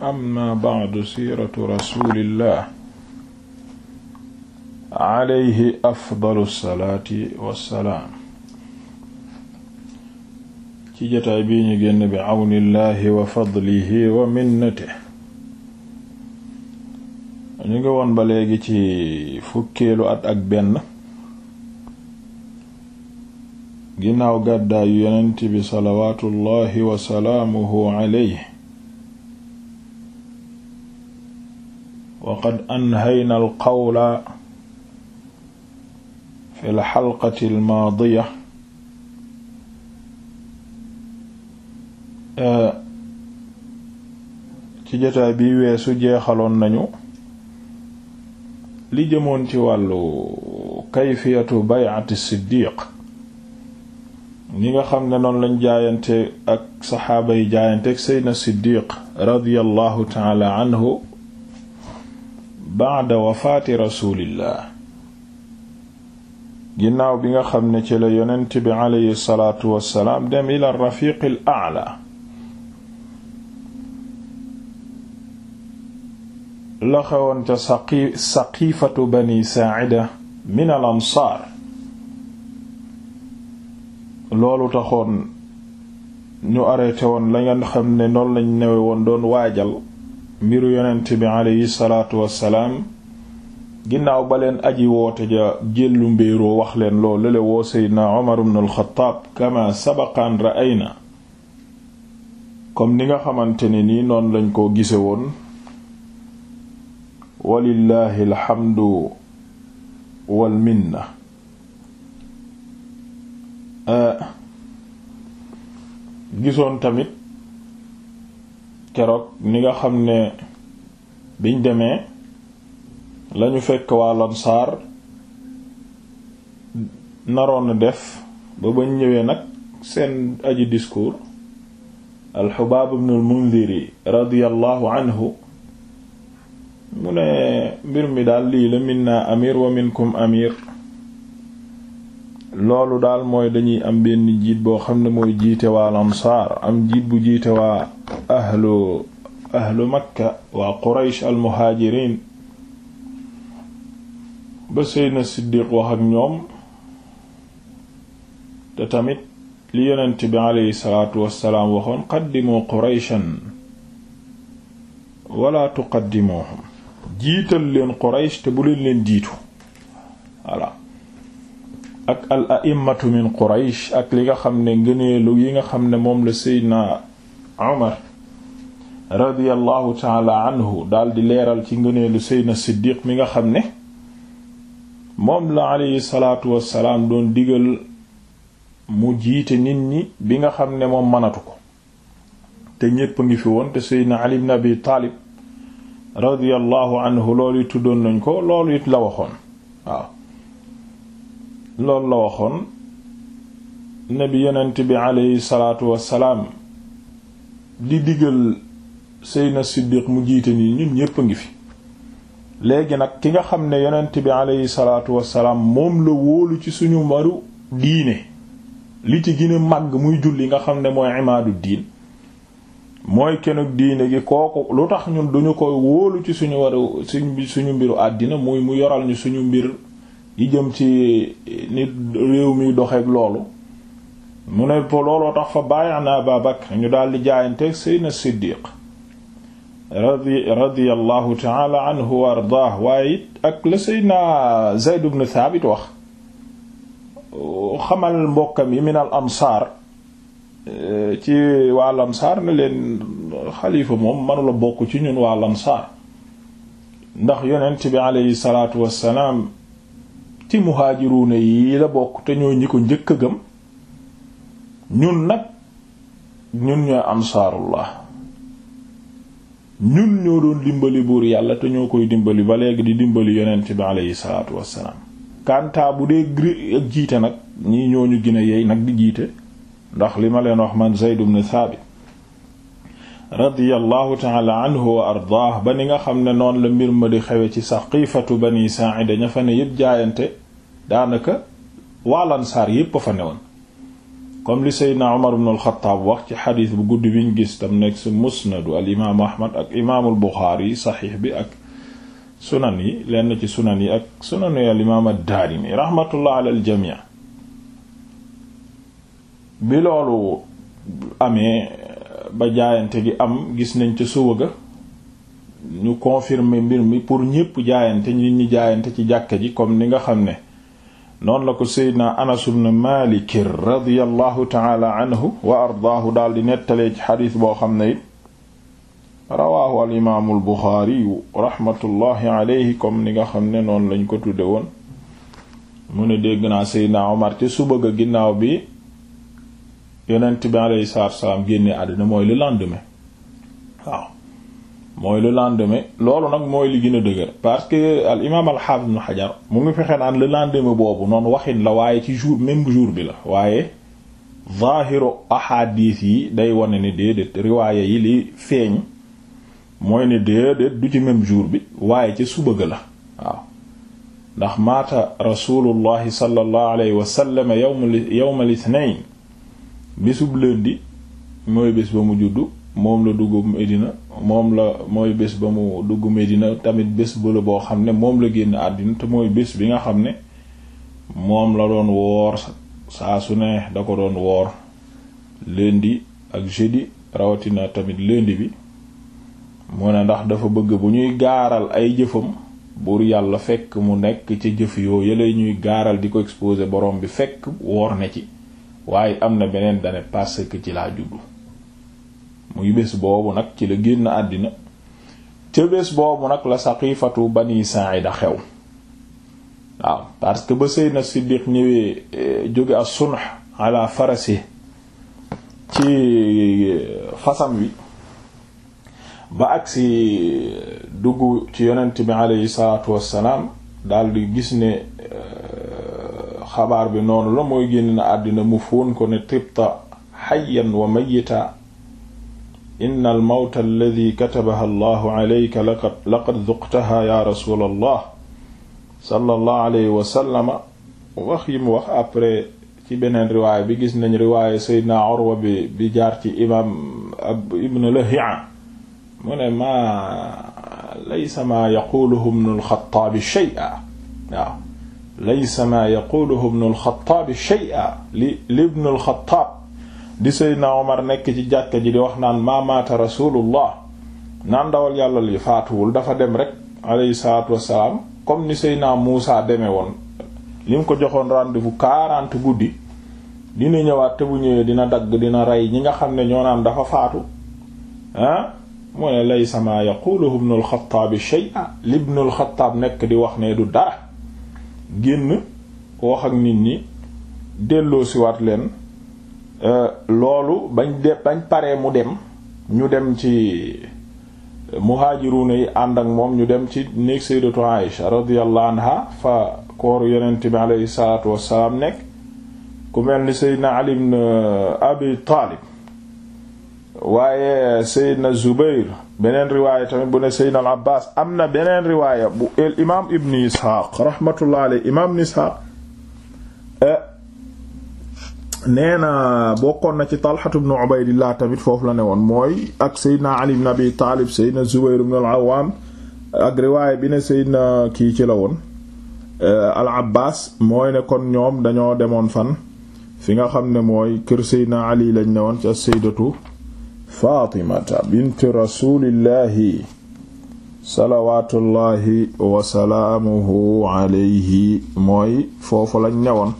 amma ba'du siiratu rasulillah alayhi afdalu salaati wassalaam ci jotaay bii ñu génn bi awnillahi wa fadlihi wa minnatihi ñu ngi woon ba léegi ci fukkeelu at ak benn ginnaaw gàddaayu yonent bi salawaatullahi wa salaamuhu alayhi waqad anhayna alqawla fi lxalqati almaadiya ci jotaay bi weesu jeexaloon nañu li jëmoon ci wàllu kayfiyatu bay'ati siddiq ni nga xam ne noonu lañ jaayante ak saxaaba yi jaayante ak seydna siddiq radiyallahu taala anhu baada wafaati rasulillah ginnaaw bi nga xam ne ci la yonent bi aleyhi salaatu wassalaam dem ila rafiq al a'la la xewoon ca saqi saqifatu bani saa'ida min al ansaar loolu taxoon ñu arrêté woon la nga xam ne noonu lañ newe woon doon waajal mbiru yonent bi aleyhi salaatu wassalaam ginnaaw ba leen aji woote ja jëllu mbéeroo wax leen loo lale woo seydna omar ibn alxataab kama sabaqan ra'ayna comme ni nga xamante ne nii noonu lañ ko gise woon walillahi alhamdu walminna euh, gisoon tamit keroog ni nga xam ne biñ demee lañu fekk waa lansaar naroon def ba bañ ñëwee nag seen aji discours alxubaab ibn al mundiri radiyallahu anhu mu ne mbir mi daal lii la minna amir wa minkum amir loolu daal mooy dañuy am benn jiit boo xam ne mooy jiite waa lansaar am jiit bu jiite waa ahlu ahlu makka waa quraysh al ba seydna siddiq wax ak ñoom te tamit li yonent bi aleyhi salaatu wassalaam waxoon qaddimu qurayshan wala tuqaddimuhum jiital leen quraysh te bu leen leen jiitu voilà ak al a'immatu min quraysh ak li nga xam ne ngëneelu yi nga xam ne moom la seydna umar radiyallahu taala anhu daldi leeral ci ngëneelu seydna siddiq mi nga xam ne moom la aleyhi salaatu wassalaam doon digal mu jiite nit ñi bi nga xam ne moom mënatu ko te ñépp ngi fi woon te seydna ali ibn abi taalib radiyallahu anhu loolu tuddoon nañ ko loolu it la waxoon waaw loolu la waxoon ne bi yonent bi aleyhi salaatu wassalaam di digal Seydina Siddiq mu jiite nii ñun ñépp ngi fi léegi nag ki nga xam ne yonent bi aleyhi salaatu wassalaam moom la wóolu ci suñu mbaru diine li ci gën a màgg muy julli nga xam ne mooy imaadu diin mooy kenug diine gi kooku lu tax ñun duñu koy wóolu ci suñu waru suñu mbiru àddina muy mu yoral ñu suñu mbir yi jëm ci nit réew mi doxeek loolu mu ne po looloo tax fa bàyyi na Abaa Bakr ñu daal di jaayanteeg Seydina Siddiq radiyallahu taala anhu wa ardaah waaye it ak la Seydina Zayd ibn Thabit wax xamal mbokkam yi min al ansaar ci waa lamsaar ne leen xalifa moom manula bokk ci ñun waa lamsaar ndax yonent bi aleyhi salaatu wassalaam ci muhaajiruuna yii la bokk te ñoo ñi ko njëkk a gëm ñun nag ñun ñooy ansaarullah ñun ñoo doon dimbali buur yàlla te ñoo koy dimbali ba léegi di dimbali yonent bi aleyhi salaatu wassalaam kantaa bu dee gri ak jiite nag ñi ñooñu ñu a yeey nag di jiite ndax li ma leen wax man Zayd ibn Thabit radiyallahu taala anhu wa ardaah ba ni nga xam ne noonu la mbir ma di xewe ci saqiifatu bani saa'ida ña fa ne yëpp jaayante daanaka waalansaar yëpp a fa ne woon comme li seydna umar ibn al wax ci xadiis bu gudd biñ gis tam nekk ci musnadu al imaamu ak imaamul buxaari saxiix bi ak sunan yi lenn ci sunan yi ak sunanu al imaam ad-Daarimi rahmatullah ala bi loolu amee ba jaayante gi am gis nañ ca suba ga ñu confirmé mbir mi pour ñépp jaayante ñu ñi jaayante ci jàkka ji comme ni nga xam ne noonu la ko seydna anas ibn malik daal di nettalee ci xadiis boo xam ne it rawaahu al imaamu raxmatullahi comme ni nga xam ne noonu lañ ko tudde woon mu ne dégg naa seydna omar ca suba ga ginnaaw bi yonent bi alayhi salaatu salaam génne àddina mooy le lendemain waaw mooy le lendemain loolu nag mooy li gën a dëgër parce que al imaam al hafiz ibn Hajar mu ngi fexe naan le lendemain boobu noonu waxin la waaye ci jour même jour bi la waaye zaahiru ahadis yi day wane ne déedéet riwaaya yi li feeñ mooy ne déedéet du ci même jour bi waaye ci suba ga la waaw ndax maata rasulullahi sallallahu alayhi wa sallam yawm al ithnayn bésub lundi mooy bés ba mu juddu moom la dugg Medina moom la mooy bés ba mu dugg Medina tamit bés ba boo xam ne moom la génn àddina mooy bés bi nga xam ne moom la doon woor saa su ne da ko doon woor lundi ak jeudi rawatina tamit lundi bi mu ne ndax dafa bëgg bu ñuy gaaral ay jëfam buur yàlla fekk mu nekk ca jëf yoo yële ñuy gaaral di ko exposer borom bi fekk woor na ci waaye am na beneen dane parce que ci laa juddu muy bés boobu nag ci la génn àddina ca bés boobu nag la saqifatu bani sa'ida xew waaw parce que ba Seydina Siddiq ñëwee eh, jóge as sunx ala farasi ci eh, fasam wi ba agsi eh, dugg ci yonent bi aleyhi salaatu wassalaam daldi gis ne xabaar bi noonu la mooy génn na àddina mu fóon ko ne tibta xayan wa mayita inna al mawta alladi katabaha allahu alayka laqad laqad duqtaha ya rasul allah sallallahu alayhi wasallama wax yi mu wax après ci beneen riwaaya bi gis nañ riwaaya seydna Urwa bi bi jaar ci imam ab ibn Lahi'a mu ne ma laysa ma yaquluhu ibn al-Khattab shay'a waaw laysa maa yaquluhu ibnu alxataabi shay'a li libnu alxataab di seydna omar nekk ci jàkka ji di wax naan maamaata rasulullah naan dawal yàlla li faatuwul dafa dem rek alayhi salaatu wassalaam comme ni seydna muusa demee woon li mu ko joxoon rendez-vous quarante guddi dina ñëwaat te bu ñëwee dina dagg dina rey ñi nga xam ne ñoo naan dafa faatu ah mu ne laysa maa yaquluhu ibnu alxataabi shay'a libnu alxataab nekk di wax ne du dara génn wax ak nit ñi delloo siwaat leen euh, loolu bañ de bañ paree mu dem ñu dem ci euh, muhajiruna yi ànd ak moom ñu dem ci néeg sayyidatu Aïsha radiyallahu anha fa koor yonent bi alayhi salaatu wassalaam nekk ku mel ni sayyidina Ali ibn Abi Taalib waaye Seydina Zubair beneen riwaaya tamit bu ne Seydina al am na beneen riwaaya bu el imaam Ibn Ishaq rahmatullah imaam Ibn Ishaq eh, na bokkoon na ci Talhatu ibn Ubaydillah tamit foofu la ne woon mooy ak Seydina Ali ibn Abi Taalib Seydina Zubair ibn al Awwam ak riwaaya bi ne Seydina kii ci la woon eh, al Abbas mooy ne kon ñoom dañoo demoon fan fi nga xam ne mooy kër Seydina Ali lañ ne woon ci as-Sayyidatu faatimata bint rasuulillahi salawaatullahi wasalaamuhu alayhi mooy foofu lañ ñëwoon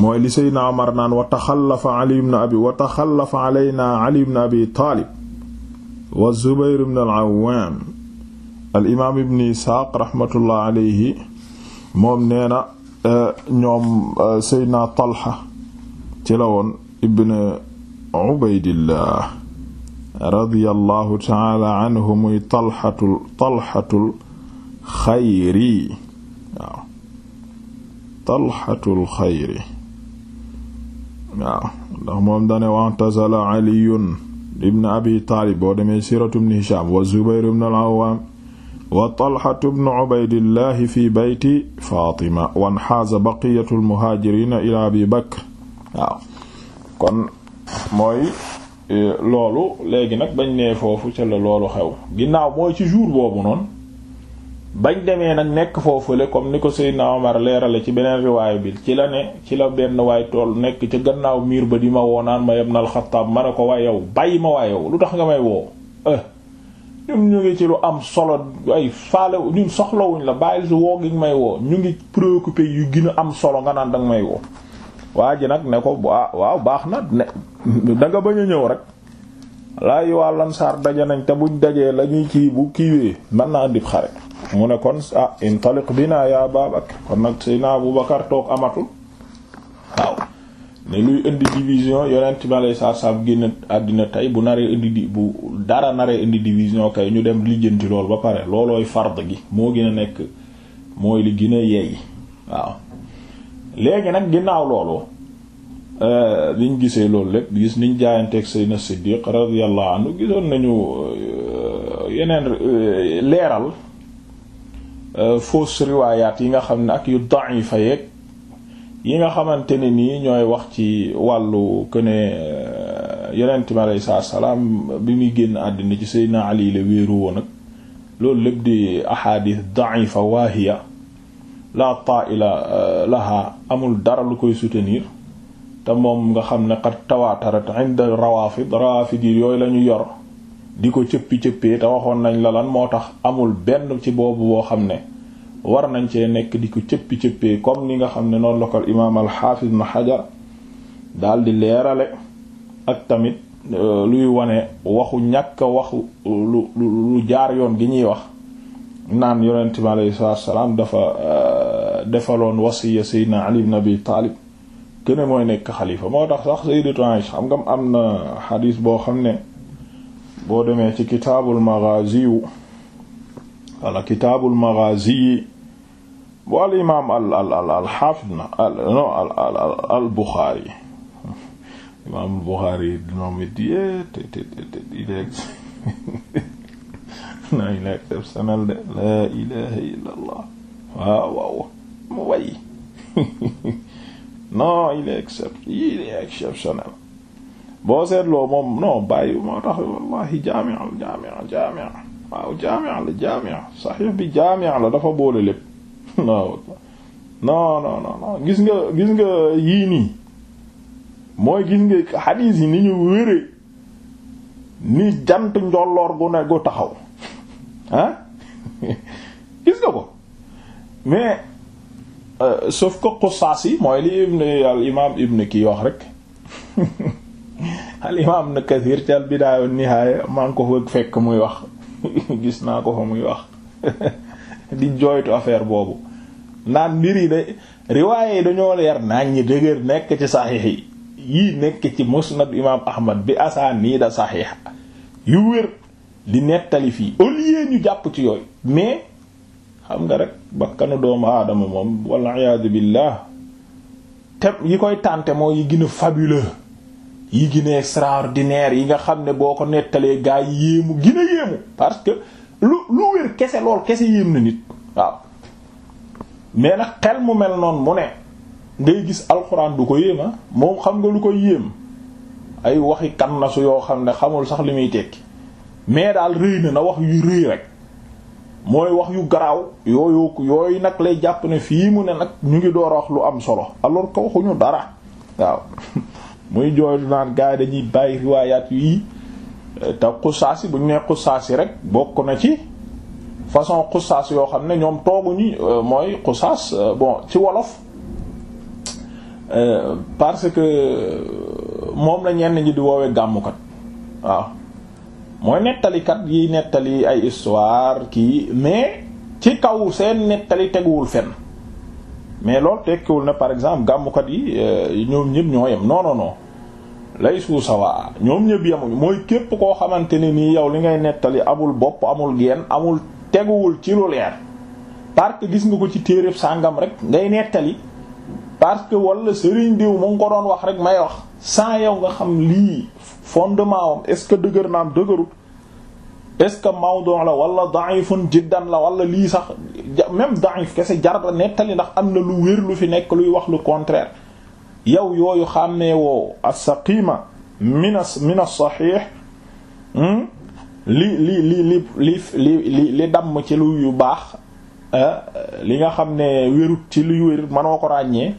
mooy li seydna omar naan wa taxallafa ali ibn abi wa taxallafa alaynaa ali ibn abi taalib wa zubayr ibn al-awwaam al imaam ibn isxaaq raxmatullah alayhi moom nee na eh, ñoom eh, seydna talxa ci la woon ibn ubaydillah radiyallahu taala anhu muy talxatul talxatul xayri waaw talxatul xayri waaw ndax moom dane waxtasala caliyun ibn abi taalib boo demee siratu bne hisham wa zubairu bne alawaam wa talxatu bnu cubaidillahi fi beyti fatima wan xaaza baqiyatu almuhaajirina ila abi bakr waaw kon mooy Euh, loolu léegi nag bañ nee foofu ca la loolu xew ginnaaw mooy ci jour boobu noonu bañ demee nag nekk foofu foofule comme ni ko Seydina Omar leerale ci beneen riwaay bi ci la ne ci la benn waay tool nekk ci gannaaw miir ba di ma woo naan ma ibn al-Khattab ma ne ko waa yow bàyyi ma waa yow lu tax nga may woo eh ñu ngi ci lu am solo ay faale ñun soxlawuñ la bàyyil si woo gi may woo ñu ngi préoccupé yu gën a am solo nga naan danga may woo waa ji nag ne ko ah, waaw baax na ne da nga bañ a ñëw rek laay waa Ansaar daje nañ te buñ dajee la ñuy kii bu kiiwee mën na andi xare mu ne kon ah intaliq bina ya Babakar kon nag Seydina bu Bakar toog amatul waaw ne luy indi division yonent mi alay saa saaf génn àddina tey bu naree indi di bu dara naree indi division kay ñu dem lijjanti lool ba pare loolooy fard gi moo gën a nekk mooy li gën yeey waaw léegi nag ginnaaw loolu liñ euh, gisee loolu lépp gis niñ jaayanteeg Seydina Siddiq radiyallahu anhu gisoon nañu euh, yeneen euh, leeral fausse riwaayaat yi nga xam ne ak yu da'ifa yeeg yi nga xamante ne nii ñooy wax ci wàllu que ne yonent mi alayhi salaam bi muy génn àddina ci Seydina Ali wéeru woon ak loolu lépp di ahadith da'ifa waahiya la ta'ila euh, laha amul dara lu koy soutenir te moom nga xam ne qad tawaatarat inda rawafid rawafid yooyu la ñu yor di ko cëppi-cëppee te waxoon nañ la lan moo tax amul benn ci boobu woo xam ne war nañ cee nekk di ko cëppi-cëppee comme ni nga xam ne noonu la ko imaam alxaafis na xajar daal di leerale ak tamit euh, luy wane waxu ñàkk waxu lu lu jaar yoon gi ñuy wax naan yonent bi alayhi salaam dafa euh, defaloon wasiya seydna ali ibn abi taalib gën mooy nekk xalifa moo tax sax sayyidatu Aisha xam nga am na xadiis boo xam ne boo demee ci kitaabul maghazi wala kitaabul maghazi bu al imaam al al al al xaafid na al non al eh, te te te ileeg naa ileeg exceptionnel de la ilaha illallah waaw mu way non il est except il est exceptionnel boo seetloo moom non bàyyi moo tax wallahi jaamia jaamia jaamia waaw jaamia la jaamia saxiix bi jaamia la dafa boole lépp non non non non gis nga gis nga yii nii mooy gis nga xadiis yi ni ñu wére ni jant njolloor gu ne gu taxaw ah gis nga ko mais Euh, sauf que xusaas yi mooy li ibn al imaam ibn kii wax rek al imaam ibn Kathir ci al Bidaaya wan Nihaaya ko fekk muy wax gis naa ko fa muy wax di jooytu affaire boobu naan mbir yi de riwaaye yi dañoo leer naañ ñi dëgër nekk ci saxiix yi yii nekk ci musnad imaam Ahmad bi asaaniida saxiixa yu wér di nettali fii au ñu jàpp ci yooyu mais. xam nga rek bakkanu doomu aadama moom walla iyaadu billah te yi koy tànte moo yi gën a fabuleux yi gën a extraordinaire yi nga xam ne boo ko nettalee gaa yi yéemu gën yéemu parce que lu lu wér kese lool kese yéem na nit waaw mais nag xel mu mel noonu mu ne ngay gis alxuraan du ko yéema ah, moom xam nga lu koy yéem ay waxi kan yoo xam ne xamul sax li muy tekki mais daal rëy na na wax yu rëy rek mooy wax yu garaaw yooyu yooyu nag lay jàpp ne fii mu ne nag ñu ngi door a wax lu am solo alors que waxuñu dara waaw muy jooytu naan gars dañuy bàyyi riwaayaat yi te xusaas yi bu ñu nee xusaas rek bokk na ci façon xusaas yoo xam ne ñoom tooguñu euh, mooy xusaas euh, bon ci wolof euh, parce que moom la ñenn ñi di woowee gàmmukat waaw. mooy nettalikat yi nettali ay histoire kii mais ci kaw seen nettali teguwul fenn mais loolu tekkiwul na par exemple gàmmukat yi euh, ñoom ñëpp ñoo yem non non non lay suu ñoom ñëpp yemuñu mooy képp koo xamante ne nii yow li ngay nettali amul bopp amul geen amul teguwul ci lu leer parce gis nga ko ci téereb sàngam rek ngay nettali parce que wala sëriñ diw mu ngi ko doon wax rek may wax sans yow nga xam lii fondement am est-ce que dëgër naam dëgërut est-ce que mawdu' la wala da'ifun jiddan la wala lii sax même da'if kese jar nettali ndax am na lu wér lu fi nekk luy wax lu contraire yow yooyu xàmmee woo as-saqima min min as-sahih hmm? li li li li li damm ci lu yu baax eh, li nga xam ne wérut ci luy wér mënoo ko ràññee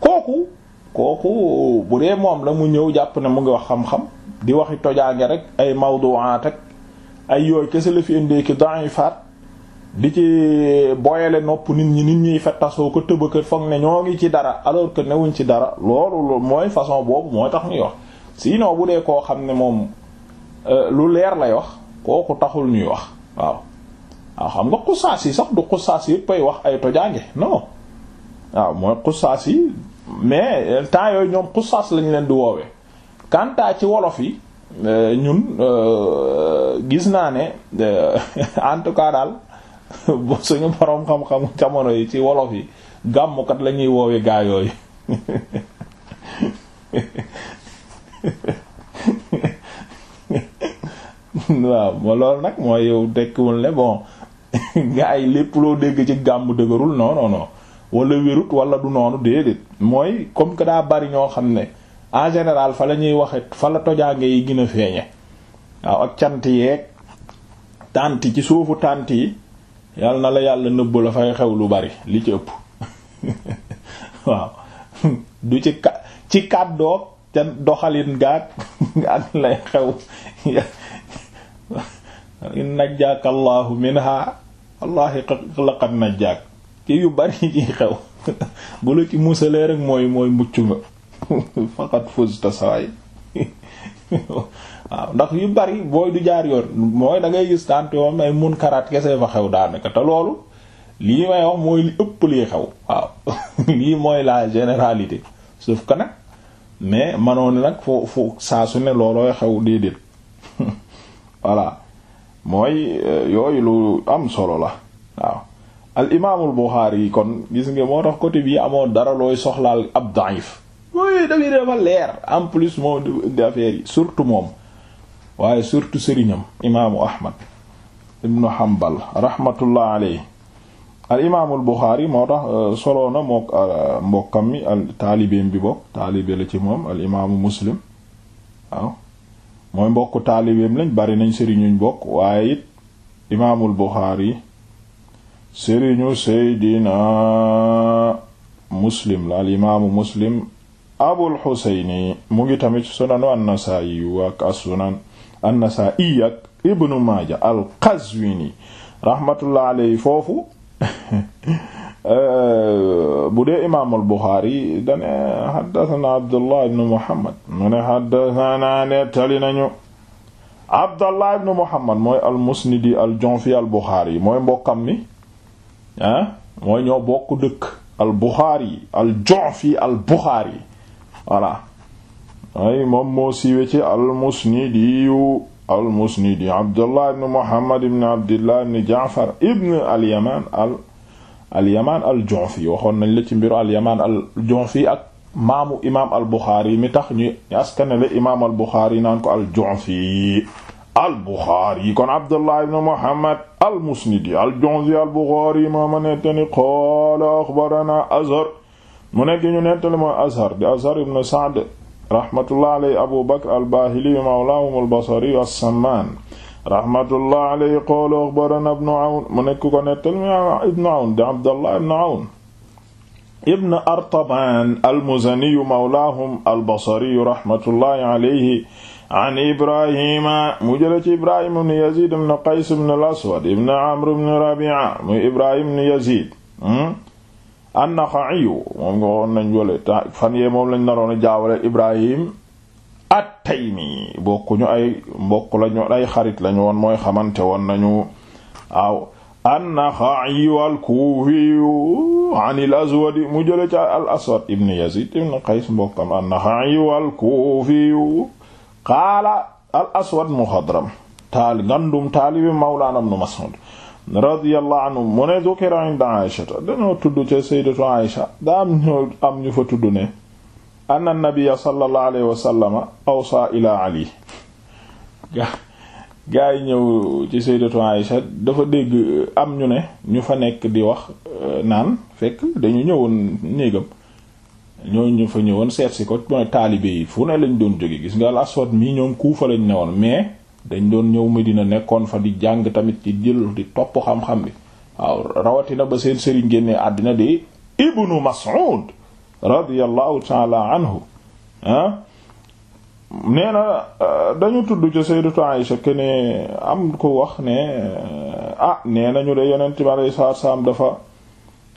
kooku kooku bu dee moom la mu ñëw jàpp ne mu ngi wax xam-xam di waxi tojaange rek ay mawdu'at ak ay yooyu kese la fi indee ki da'ifaat di ci boyale nopp nit ñi nit ñiy fettasoo ko tëb a foog ne ñoo ngi ci dara alors que newuñ ci dara loolu mooy façon boobu mooy tax ñuy wax sinon bu dee koo xam ne moom euh, lu leer lay wax kooku taxul ñuy wax waaw. waaw ah, xam nga xusaas yi sax du xusaas yi yëpp ay wax ay tojaange non waaw ah, mooy xusaas yi. mais euh, temps yooyu ñoom xusaas lañu leen di woowe kantaa ci wolof yi euh, ñun euh, gis naa ne en tout daal suñu borom xam-xamu jamono yi ci wolof yi gàmmukat la ñuy woowee gaa yooyu waaw ma loolu nag mooy yow tekkiwul ne bon gaa yi lépp loo dégg ci gàmmu dëgërul non non wala wérut wala du noonu déedéet mooy comme que daa bari ñoo xam ne en général fa la ñuy waxe fa la tojaange yi gën a feeñe waaw ak cant yeeg tànt ci suufu tànt yi yàlla na la yàlla nëbb la fay xew lu bari li ci ëpp waaw du ci ka ci kàddoo ca doxalin gaag ak lay xew in najjaaka allahu minha wallahi laqad najjaak ki yu bari yi xew bu la ci musalee rek mooy mooy mucc nga faqat fusta saway waaw ndax yu bari booy du jaar yoon mooy da ngay gis tànt yoon ay mun karaat kese fa xew daanaka te loolu lii may wax mooy li ëpp lii xew waaw lii mooy la généralité sauf que nag mais manoon nag foo foo saa su ne loolooy xew déedéet voilà mooy euh, yooyu lu am solo la waaw al imaamul Buxaari yi kon gis nga moo tax côté bii amoo dara looy soxlaal ab daif plus moom surtout moom surtout sëriñam imaamu Ahmad ibnu Hanbal rahmatullah alayhi al imaamul Buxaari moo tax euh, solo na mook euh, mbokkam mi al taalibeem bi bokk taalibe la ci moom al imaamu Muslim mooy mbokku taalibeem lañ bari nañ sëriñuñ bokk waaye it imaamul Buxaari sëriñu seydina muslim la al imaamu muslim abul xuseyni mu ngi tamit sunanu annasaa'iyu ak as-sunan al qazwini rahmatullah alayhi foofu euh, bu dee imaamul buxaari dane xaddatana abdullah ibnu muhammad mooy al musnidi al jonfi al buxaari mooy mbokkam mi ah mooy ñoo bokk dëkk al Buxaari al Ju'fi al Buxaari voilà ay moom moo siiwe ci al musnidiyu al musnidi Abdullah ibn Muhammad ibn Abdillah ibn Ja'far ibn al Yamaan al al waxoon nañ la ci mbiru al Yamaan al Ju'fi ak maamu imaam al Buxaari mi tax ñu askanale imaam al Buxaari naan ko al Ju'fi al Buxaari kon Abdullah ibn Muhammad almusnidi aljonzi albuxaari moo ma nettali qaala axbarana azhar mu nekk ñu nettali mooy azhar di azhar ibn saad rahmatullah aley abu bakr albahili mawlaahum albasari assamaan rahmatullah aley qaala axbarana ibnu awn mu nekk ko nettali mooy ibnu awn di abdallah ibnu awn ibn artaban almuzaniyu mawlaahum albasari rahmatullahi aleyhi an ibrahima mu jële ci ibrahima ibn yazid ibn qays ibn al-aswad ibn amr ibn rabi'a muy ibrahim ibn yazid hmm? an-Nakha'iyu moom nga waxoon nañ wole fan yee moom lañ naroon a jaawale ibrahim at-Taymi bokkuñu ay mbokk lañu ay xarit lañu woon mooy xamante woon nañu aw an-Nakha'iyu al-Kufiyu an al-Aswad mu jële ci al-Aswad yazid ibn qays mbokkam an-Nakha'iyu al-Kufiyu qaala al aswad muxadram taal ngandum taalibi mawlaana ibn Mas'ud radiyallahu anhu mu ne zukira tudd ca sayyidatu Aisha am ñoo am ñu fa tudd ne anna nabiyya sallallahu alayhi wa sallama awsa ila Ali gaa yi ñëw ci sayyidatu dafa dégg am ñu ne ñu fa nekk di wax euh, naan fekk dañu ñëwoon néegam ñooñu fa ñëwoon seetsi si ko mooy taalibe yi fu ne lañ doon jóge gis nga al aswad mii ñoom kuufa lañ ne woon mais dañ doon ñëw ma dina nekkoon fa di jàng tamit ci jël di topp xam-xam bi waaw rawatina ba seen sëriñ génne àddina di ibnu Mas'ud radiyallahu taala anhu ah nee na euh, dañu tudd ci sayyidatu Aisha ne am ko wax ne ah nee nañu de yonent bi alayhi salaam dafa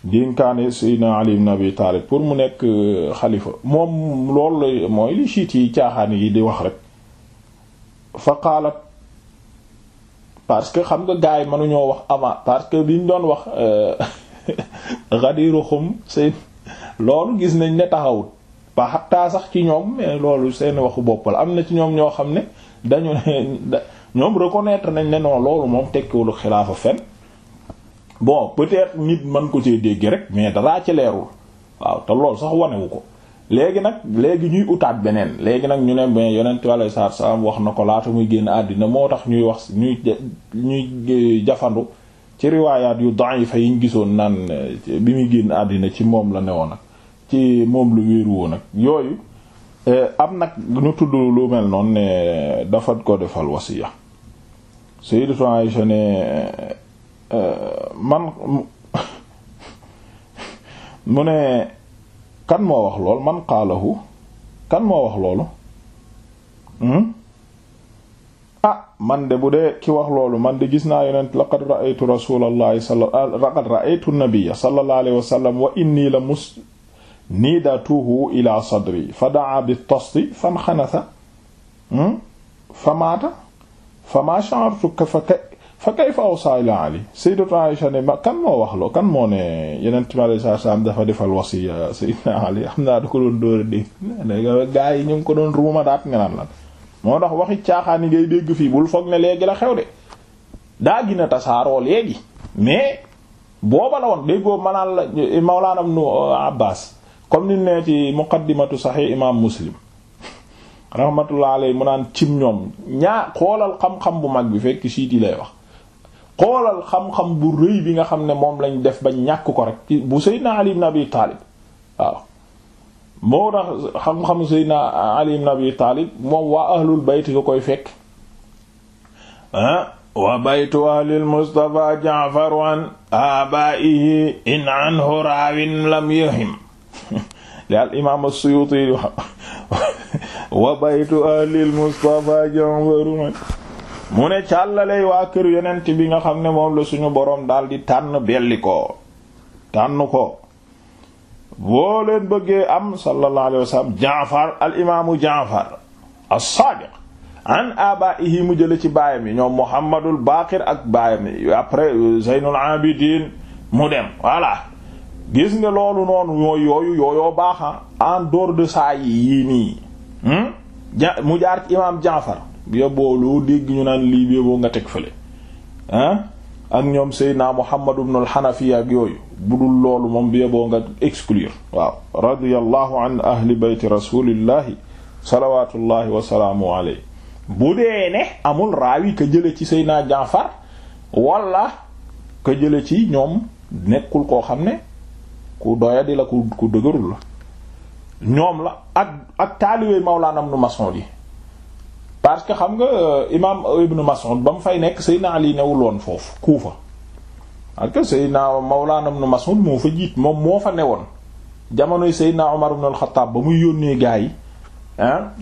dénkaane Seydina Ali ibn Abi Talib pour mu nekk euh, xalifa moom loolu mooy li chiites yi caaxaan yi di wax rek fa qaalat parce que xam nga gars yi mënuñoo wax avant parce que ñu doon wax euh, Ghadiruhum seen loolu gis nañ ne taxawut ba xattaa sax ci ñoom mais loolu seen waxu bopp la am na ci ñoom ñoo xam ne dañu ne ñoom reconnaître nañ ne non loolu moom tekkiwul xilaafa fenn bon peut-être nit man ko cee dégg rek mais daraa ci leerul waaw te lool sax wanewu ko léegi nag léegi ñuy utaat beneen léegi nag ñu ne mais yonent wàllu saa am wax na ko laata muy génn àddina moo tax ñuy wax ñuy ñuy e, jafandu ci riwaayaat yu da'ifa yi fa yi ñu gisoon naan e, bi muy génn àddina ci moom la newoon nag ci moom lu wéeru woo nag yooyu e, am nag ñu tudd lu mel noon ne dafa ko defal wasiya Sayyidatu Aisha ne Euh, man mu ne kan moo wax lool man qaalahu kan moo wax loolu hmm? ah man de bu dee ki wax loolu man de gis naa yonent laqad ra'aytu rasulallahi sallallahu laqad ra'aytu nabiyya sallallahu alayhi wa sallam wa inni la mus niidatuhu ila sadri fa daa bi tosti fan xanasa hmm? fa maata fa ma sha'artu ka fa fa kayfa awsaa ilaa Ali sayyidatu Aisha ne ma kan moo wax loo kan moo ne yeneen timale saa saam dafa defal wasiya sayyidina Ali xam naa da ko doon dóor a dégg gaa yi ñu ngi ko doon ruuma daat nga naan moo tax waxi caaxaan yi ngay dégg fii bul foog ne léegi la xew de daa gina tasaaroo léegi mais booba la woon déggoo manaan la Mawlaana Ibnu comme ni ne ci muqaddimatu Sahih Imaam Muslim rahmatullah alayhi mu cim ñoom ñaa xoolal xam-xam bu mag bi fekk siit yi lay wax xoolal xam-xam bu rëy bi nga xam ne moom lañ def ba ñàkk ko rek bu Seydina Ali ibn Abi Taalib waaw moo tax xam-xam Seydina Ali ibn Abi Taalib moom waa ahlul bayt nga koy fekk ah, wa baytu ahlil Mustafa Jaafar an abaihi in anhu raawin lam yahim li al imaam as-Suyuti wa baytu ahlil Mustafa Jaafar mu ne càllaley waa kër yenent bi nga xam ne moom la suñu boroom daldi tànn belli ko tànn ko boo leen bëggee am sallallahu alayhi wa sallam jaafar al imaamu jaafar as-saadiq an abaihi mu jële ci baayam yi ñoom muhammadul baqir ak baayam yi après euh, zeynul abidin mu dem voilà gis nga loolu noonu yooyu yooyu yooyoo baaxa ah, en dehors saa yi yii nii hmm? ja mu jaar ci imaam jaafar yoboo loo dégg ñu naan lii yoboo nga teg fële ak ñoom Seydina Muhammad ibn al-Hanafi ak yooyu budul loolu moom bi yoboo nga exclure waaw radiyallahu an ahli bayti rasulillahi salawatullahi wasalaamu alayhi bu dee ne amul raawi ka jële ci Seydina Jaafar wala ka jële ci ñoom nekkul koo xam ne ku doya la ku ku la ñoom la ak ak taalibe Mawlaana Ibn Mas'ud yi parce que xam nga euh, imaam Ibn Mas'ud ba mu fay nekk Seydina Ali newul loon foofu Kuufa parce que Seydina Mawlaana Ibn moo fa jiit moom moo fa newoon jamono Seydina Omar ibn al-Khattab ba muy yónnee gaa yi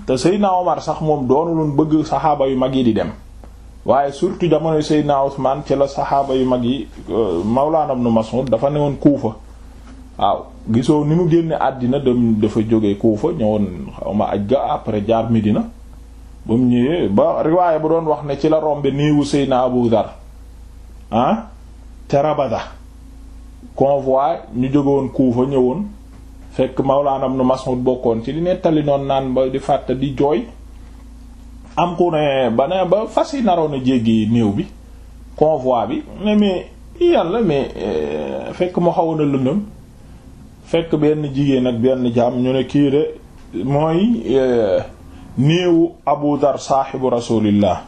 te Seydina Omar sax moom doonuloon bëgg saxaaba yu mag yi di dem waaye surtout jamonoy Seydina Ousmane ci la saxaaba yu mag yi euh, Mawlaana Ibn Mas'ud dafa newoon Kuufa waaw gisoo ni mu génne àddina dem dafa jóge Kuufa ñëwoon xaw ma aj ga après jaar Medina. ba mu ñëwee ba riwaaye bu doon wax ne ci la rombe néewu Seydina Abu Dhar ah te Rabada convoi ñu jógoon Kuufa ñëwoon fekk Mawlaana Ibn Mas'ud bokkoon ci di nettali noonu naan ba di fàtta di jooy am ku ne ba ne ba fas yi naroon a jéggi néew bi convoi bi mais yàlla mais euh, fekk mu xawoon lëndëm fekk benn jigéen ak benn jaam ñu ne kii mooy euh, néewu abu dar saaxibu rasulillah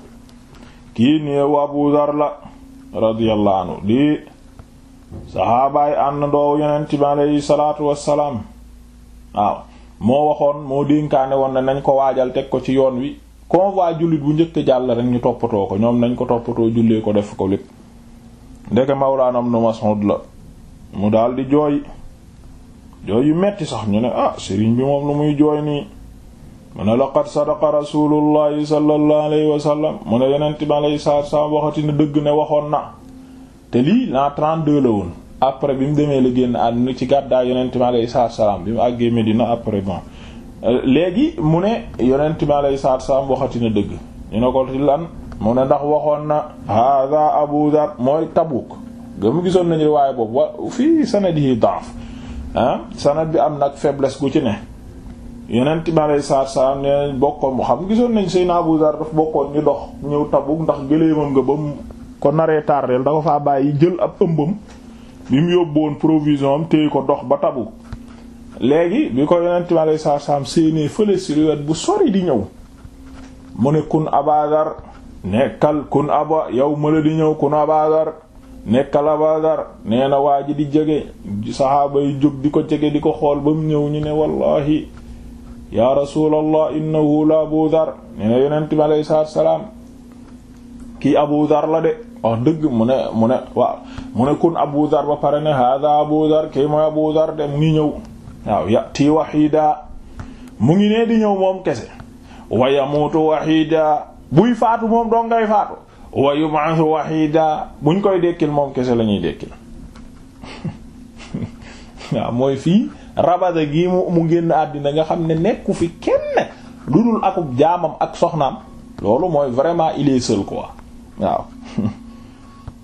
kii néewu abu la radiyallahu anhu di saxaabaay ànd doow yonent bi aleyhi salaatu wassalaam waaw moo waxoon moo dénkaane woon ne nañ ko waajal teg ko ci yoon wi convoi jullit bu njëkk jàll rek ñu toppatoo ko ñoom nañ ko toppatoo jullee ko def ko lépp ndeke mawlaanam nu Mas'ud la mu daldi jooy jooy yu metti sax ñu ne ah sëriñ bi moom lu muy jooy nii mu ne laqad sadaqa rasulullahi sallallahu alayhi wa sallam mu ne yonent bi alayhi salaatu salaam waxatina dëgg ne waxoon na te lii la 32 la woon après bi mu demee la génn àdduna ci gàddaay yonent bi alayhi salaatu salaam bi mu àggee Medina après bon euh, léegi mu ne yonent bi alayhi salaatu salaam waxatina dëgg ñu ne ko ci lan mu ne ndax waxoon na hada Abu Dhar mooy Tabuk gëm gisoon nañu waaye boobu wa fii sanadihi yi ah sanad bi am nag faiblesse gu ci ne yonent bi aleyhi salaatu salaam nee bokkoon mu xam gisoon nañ Seydina Abu dafa daf bokkoon ñu dox ñëw Tabuk ndax gëléemam nga ba mu ko naree tardeel da ko faa bàyyi jël ab ëmbam bi mu yóbboon provision am téye ko dox ba Tabuk léegi bi ko yonent bi aleyhi salaatu salaam séenee fële si wet bu sori di ñëw mu ne kun Aba nekkal kun aba yow mala di ñëw kun Aba Zar nekkal Aba Zar nee na waa ji di jege saxaaba yi jóg di ko jege di ko xool ba mu ñëw ñu ne wallaahi yaa rasulallah innahu la abu dhar ne alayhi salaatu salaam abu dhar la de wax dëgg mu ne kun abu dhar ba pare ne hada abu dhar kii mooy abu dhar de mu ngi ñëw waaw yati waxiida mu ngi nee di ñëw moom kese wa waxiida buy faatu moom dong ngay faatu wa yub'athu waxiida buñ koy dekkil moom kese la ñuy dekkil waaw mooy fii rabada gii mu mu génn àddina nga xam ne nekku fi kenn lu dul akub jaamam ak soxnaam loolu mooy vraiment il ko seul waaw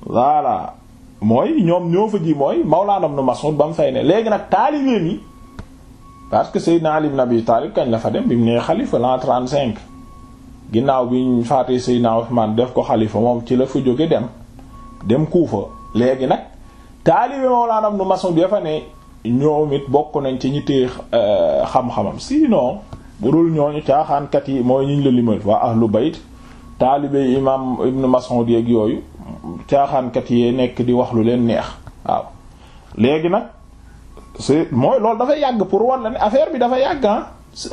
voilà mooy ñoom ñoo fa ji mooy mawlaanam nu Mas'ud ba mu fay ne léegi nag taalibeem yi parce que Seydina Ali ibn Abi Talib kañ la fa dem bi mu nee xalifa l'an 35 ginnaaw bi ñu faatee Seydina Ousmane def ko xalifa moom ci la fa jóge dem dem Kuufa léegi nag taalibe mawlaanam nu Mas'ud ya fa ne ñoom it bokk nañ ci ñi téye euh, xam-xamam sinon bu dul ñooñu caaxaankat yi mooy ñu la limal waa ahlu bayt taalibe imam ibn Mas'ud yeeg yooyu caaxaankat yee nekk di wax lu leen neex waaw léegi nag c'est mooy loolu dafa yàgg pour wan la ne affaire bi dafa yàgg ah.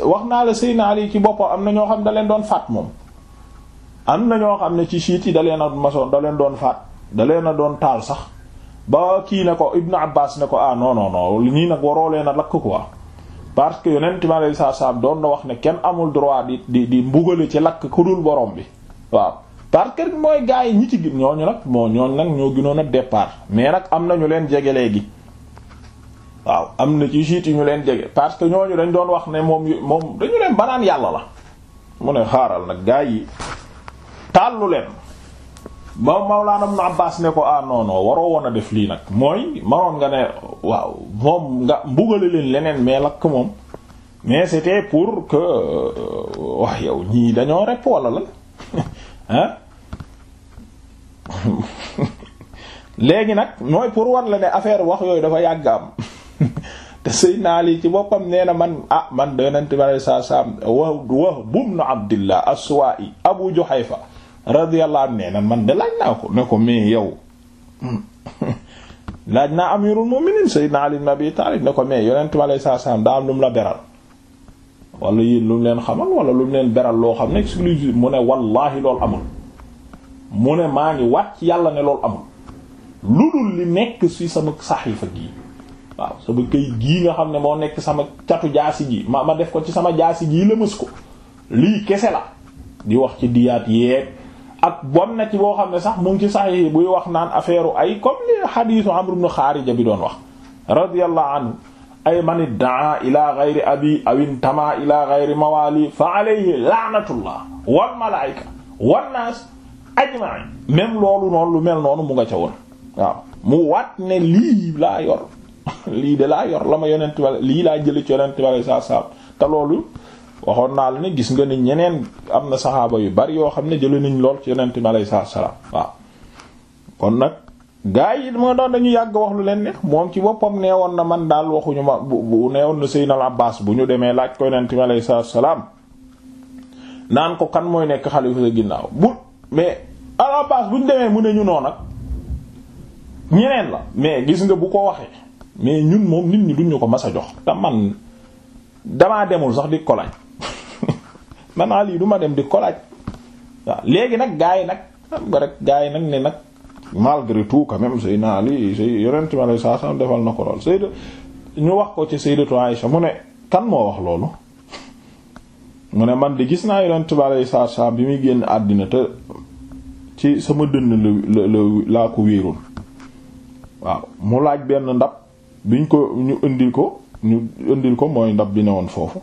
wax naa la Seydina yi ci boppam am na ñoo xam ne da leen doon faat moom am na ñoo xam ci siit yi da leen a masoon da doon faat da leen a doon taal sax ba kii ne ko Ibn Abbas ne ko ah non non non ñii nag waroo leen a lakk quoi parce que yonent mi alayhi salaam doon na wax ne kenn amul droit di di di mbugale ci lakk ku dul borom bi waaw parce que mooy gars yi ñi ci gin ñooñu nag moo ñooñu nag ñoo ginoon a départ mais nag am na ñu leen jege léegi waaw am na ci jiit yi ñu leen jege parce que ñooñu dañ doon wax ne moom moom dañu leen banaan yàlla la mu ne xaaral nag gaa yi tàllu leen. ba Mawlaana Ibn Abbaas ne ko ah waroo woon a def lii nag mooy maroon nga ne waaw moom nga mbugale leen leneen mais lakk moom mais c'était pour que euh, yow ñii dañoo rep la léegi nag mooy pour wan la ne affaire wax yooyu dafa yàgg am te Seydina Ali ci boppam nee na man a ah, man deenante ma saa saa wa wa bum na Abdillah Aswa'i Abu fa radiyallahu anhu nee na man de laaj naa ko ne ko mais yow hmm. laaj naa amirul mu'minin sayyidina Ali ibn Abi Talib ne ko mais yonent mi alayhi salaam daa am lu la beral wala yéen lu mu leen xamal wala lu mu leen beral loo xam ne exclusive mu ne wallaahi loolu amul mu ne maa ngi wàcc yàlla ne loolu amul lu dul li nekk si sama saxiifa gii waaw sama këy gii nga xam ne moo nekk sama catu jaasi ji ma ma def ko ci sama jaasi jii lëmës ko lii kese la di wax ci diyaat yeeg ak bom ci boo xam ne sax mu ngi ci saxiix buy wax naan affaire ay comme li xadiisu Amr ibn Xaarija bi doon wax radiyallahu anhu ay man iddaa ila gayri abi awin tama ila gayri mawali fa alayhi laanatullah wal malaayika wan naas ajmain même loolu noonu lu mel noonu mu nga ca woon waaw mu waat ne lii laa yor lii de laa yor la ma yonent lii laa jële ci yonent bi sallallahu alayhi wasallam te loolu waxoon naa la ne gis nga ni ñeneen am na saxaaba yu bari yoo xam ne jëlee nañ lool ci yonent mi alayhi salaam waaw kon nag gaa yi moo doon dañu yàgg wax lu leen ne moom ci boppam nee woon na man daal waxuñu ma bu nee woon na Seydina Abbaas bu ñu demee laaj ko yonent mi alayhi salaam naan ko kan mooy nekk xalifa sa ginnaaw bu mais al Abbaas bu ñu demee mu ne ñu noonu nag ñeneen la mais gis nga bu ko waxee mais ñun moom nit ñi duñu ko mas a jox te man sax di ko man Ali du ma dem di ko laaj waaw léegi nag gaa yi nag xam nga rek gaa yi nag ne nag malgré tout quand même Seydina Ali yonent mi alayhi salaam defal na ko lool Seyda ñu wax ko ci Sayyidatu Aïsha mu ne kan moo wax loolu mu ne man di gis naa yonent mi alayhi salaam bi muy génn àddina te ci sama dënn la la laa ko wéeroon waaw mu laaj benn ndab biñ ko ñu indil ko ñu indil ko mooy ndab bi ne woon foofu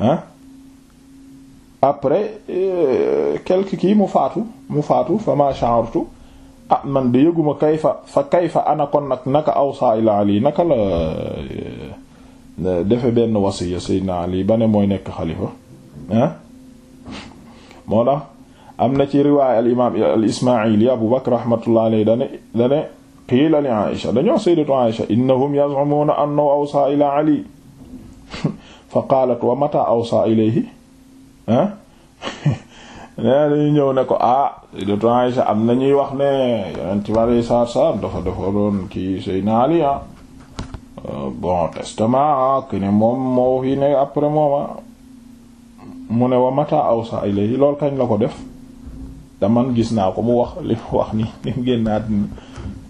ah après euh, quelque kii mu faatu mu faatu fa ma sha'artu ah man de yëguma kayfa fa kayfa ana kon nag naka awsa ila ali naka la euh, euh, defe benn wasiya sayyidina ali ba ne mooy nekk am na ci riwaaya al abu bakr rahmatullah alayhi dane dane li aisha dañoo sayyidatu aisha innahum yaz'umuna annahu awsa ila ali fa qaalat wa mata awsa ah nee dañu ñëw ne ko ah de Aïcha am na ñuy wax ne yeneen ci wàllu saar-saar dafa dafa doon kii Seydina Ali ah euh, bon testament ah ki ne moom moo fi ne après mooma ah. mu ne wa mata awsa ilayhi lool kañ la ko def te gis naa ko mu wax li mu wax ni li mu génnaat dina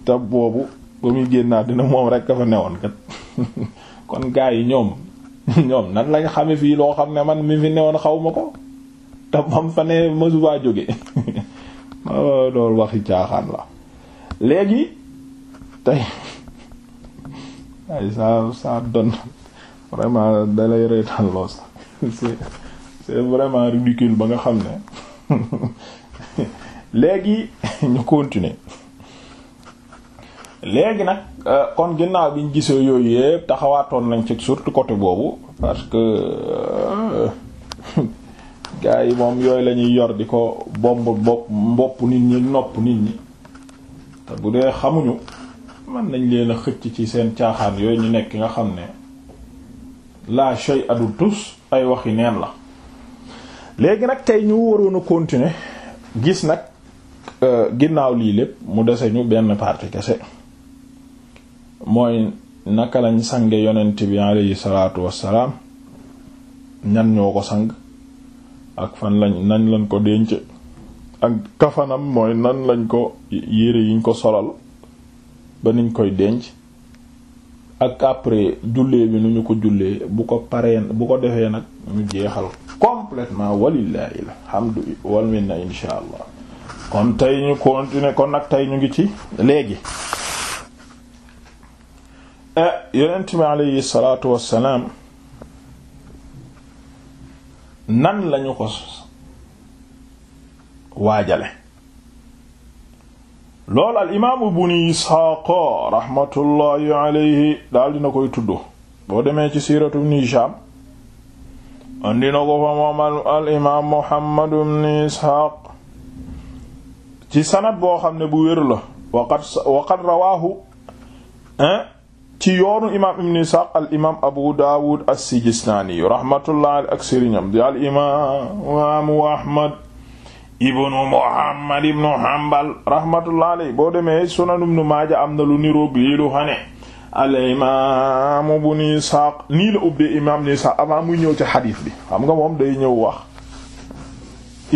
te boobu ba muy génnaat dina moom rek ka fa newoon kat kon gaa yi ñoom ñoom nan lañ xame fii loo xam ne man mi fi newoon xaw ma ko te mam fa ne masuwaa jóge ah, loolu waxi caaxaan la léegi tey ay ça ça donne vraiment dalay reetaan lool c'est c'est vraiment ridicule ba nga xam ne léegi ñu continuer léegi nag euh, kon ginnaaw biñ gisee yooyu yëpp taxawaatoon nañ ci surtout côté boobu parce que euh, gars yi moom yooyu lañuy yor di ko bomb bopp mbopp nit ñi nopp nit ñi te bu dee xamuñu mën nañ leen a xëcc ci seen caaxaan yooyu ñu nekk nga xam ne la chey adul tous ay waxi neen la léegi nag tey ñu waroon a continuer gis nag euh, ginnaaw lii lépp mu dese ñu benn partie kese mooy naka lañ sange yonent bi alayhi salaatu wassalaam ñan ñoo ko sang ak fan lañ nañ lañ ko denc ak kafanam mooy nan lañ ko yére yiñ ko solal ba nuñ koy denc ak après jullee bi nu ñu ko jullee bu ko paree bu ko defee nag ñu jeexal complètement walillahi alhamdu wal minna insha allah kon tey ñu continuer kon nag tey ñu ngi ci léegi Eh, yonent bi aleyhi salaatu nan lañu ko waajale loolu al imaamu buni isxaaqa raxmatullaahi aleyhi daal dina koy tudd boo demee ci siiratu ibn Hishaam andina ko fa moom al imaam Muhammad ibn Isxaaq ci sanad boo xam ne bu wér la waqad waqad ci yoonu imaam ibn Isaaq al imaam Abu Daawud as-Sijistaani rahmatullahi ak sëriñam di al imaamu Ahmad ibnu ibnu Hanbal boo demee Sunan ibnu Maaja am na lu niroog lii lu xane al imaam ibn Isaaq nii la ubbee imaam ibn Isaaq avant muy ñëw ci xadiis bi xam nga moom day ñëw wax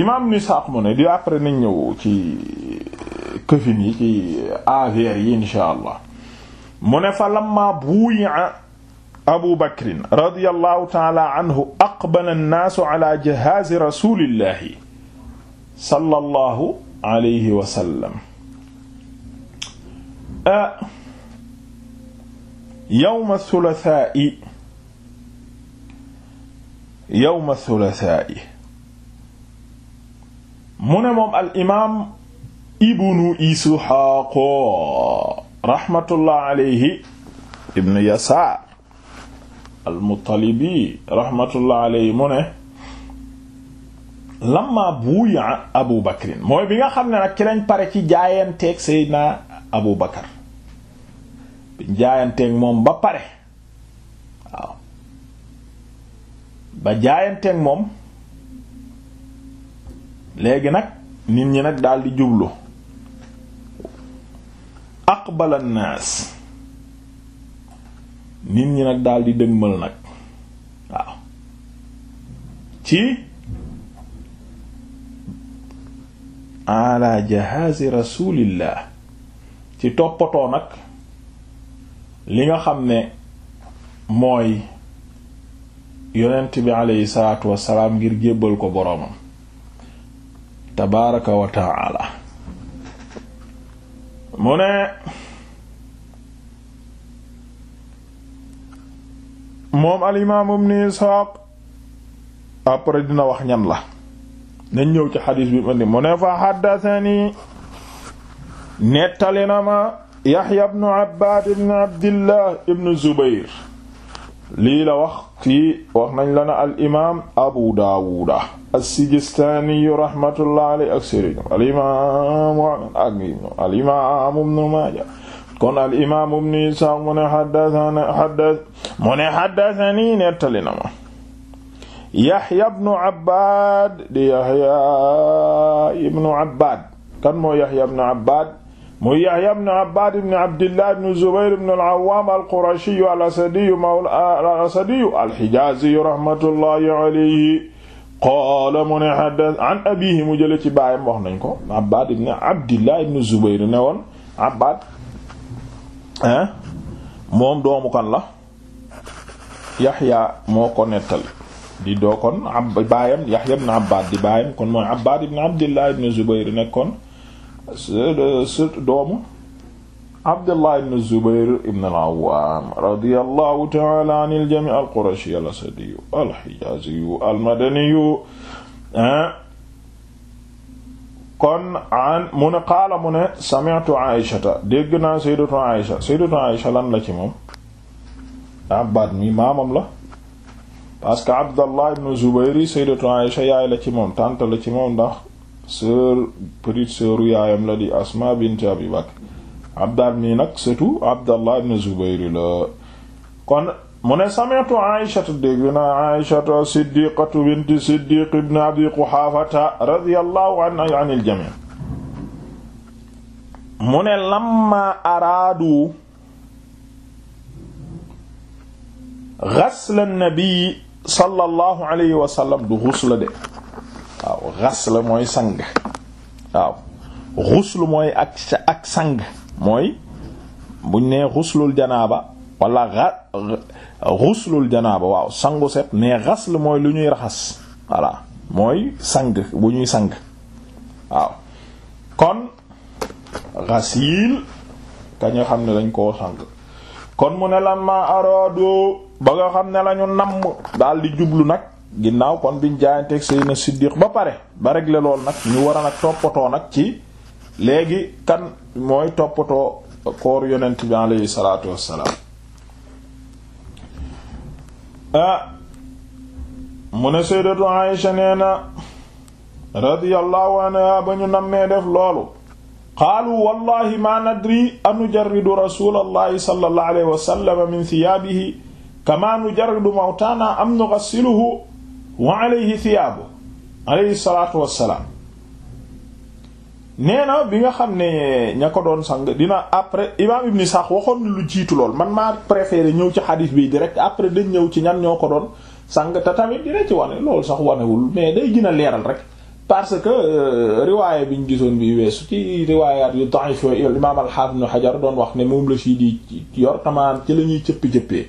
imaam ibn Isaaq mu ne di après nañ ñëw ci këfin yi ci affaire yi inshaa Allah mu ne fa lamma buyi'a abu bakrin radiyallahu taala anhu aqbala nnaasu ala jahaazi rasulillahi sallallahu alayhi wa sallam yawma thulathaa'i yawma thulathaa'i mu ne moom al imaam ibnu isxaaq rahmatullah alayhi ibn yasaar almuttalibi rahmatullah alayhi mu ne lamma buuya abu bakrin mooy bi nga xam ne nag ci lañ pare ci jaayanteeg seydina abu bakar biñ jaayanteeg moom ba pare ba jaayanteeg moom léegi nag nit ñi nag daal di jublu aqbala naas nit ñi nag daal di dëgmal nag waaw ci ala jahazi rasulillah ci toppatoo nag li nga xam ne mooy yonent bi aleyhi salaatu wasalaam ngir jébbal ko boroomam tabaaraka wa taala mu ne moom alimaam ibn Isxaaq après dina wax ñan la nañ ñëw ci xadiis bi mu ne mu fa xaddasani nettali na ma Yaxya ibn Abbaad ibn Abdillah ibn Zubayr lii la wax kii wax nañ la na al imaam abu daawuda as-sijistaani rahmatullah alayhi ak sëriñu al imaam ak al imaam ibnu maaja kon al imaam ibnu isaaq mu ne haddathana haddath mu ne haddathani nettali na ma yahya ibnu abbaad di yahya ibnu abbaad kan moo yahya ibnu abbaad muy Yahya ibn Abbad ibn Abdillah ibn Zubayr ibn al-Awwam al-Qurashi al-Asadi mawla al-Asadi al-Hijazi rahmatullahi alayhi qaala mu ne haddath an abiihi mu jële ci baayam wax nañ ko Abbad ibn Abdillah ibn Zubayr ne woon Abbad ah moom doomu kan la Yahya moo ko nettali di doo kon ab baayam Yahya ibn Abbad di baayam kon mooy Abbad ibn Abdillah ibn Zubayr nekkoon sët doomu Abdullah ibn Zubair ibn al-Awwam radiyallahu ta'ala anil jami' al-qurashi al-asadi al-hijazi al kon mu ne qaala mu ne sami'tu Aïshata dégg la ci moom Abbaad ah mi maamam la que Abdallah ibn Zubayr sayyidatu la ci moom tante la ci moom sœur petite sœuru yaayam la di Asma bint Abi Abdal mii nag Abdallah ibn Zubayr kon mu ne sami'tu siddiqatu bint Siddiq ibn Abi Quhaafata radiyallahu anha anil jamii mu ne lamma araadu ghasla nabi sallallahu alayhi wa du ghusla de waaw xas la mooy sang waaw xuslu mooy ak sang mooy buñ nee xuslul janaaba wala xuslul janaaba waaw sangu set mais xasl mooy lu ñuy raxas voilà mooy sang bu ñuy sang waaw kon xasiil ka ñu xam ne dañ koo sang kon mu ne lan ma arodo ba nga xam ne lañu namm daal di jublu nag ginnaaw kon biñ jaayanteeg Seydina Siddiq ba pare ba régler loolu nag ñu war a nag toppatoo nag ci léegi kan mooy toppatoo koor yonent bi aleyhi salaatu wassalaam ah mu ne Sayyidatu Aïsha nee na radiyallahu anha ba ñu nammee def loolu qaalu wallahi ma nadri anujarridu rasulallahi sallallahu alayhi wa sallam min thiyaabihi kama nujarridu mawtaana am nughassiluhu wa alayhi thiyaabu alayhi salaatu wassalaam nee na bi nga xam ne ña ko doon sang dina après imaam ibn Isaaq waxoon lu jiitu lool man maa préféré ñëw ci xadiis bi direct après dañ ñëw ci ñan ñoo ko doon sang te tamit dina ci wane loolu sax wanewul mais day dina leeral rek parce que euh, riwaaya bi ñu gisoon bi weesu ci riwaayaat yu da'if imaam al-Hafiz ibn doon wax ne moom la fii di yor tamaan ci la ñuy cëppi-cëppee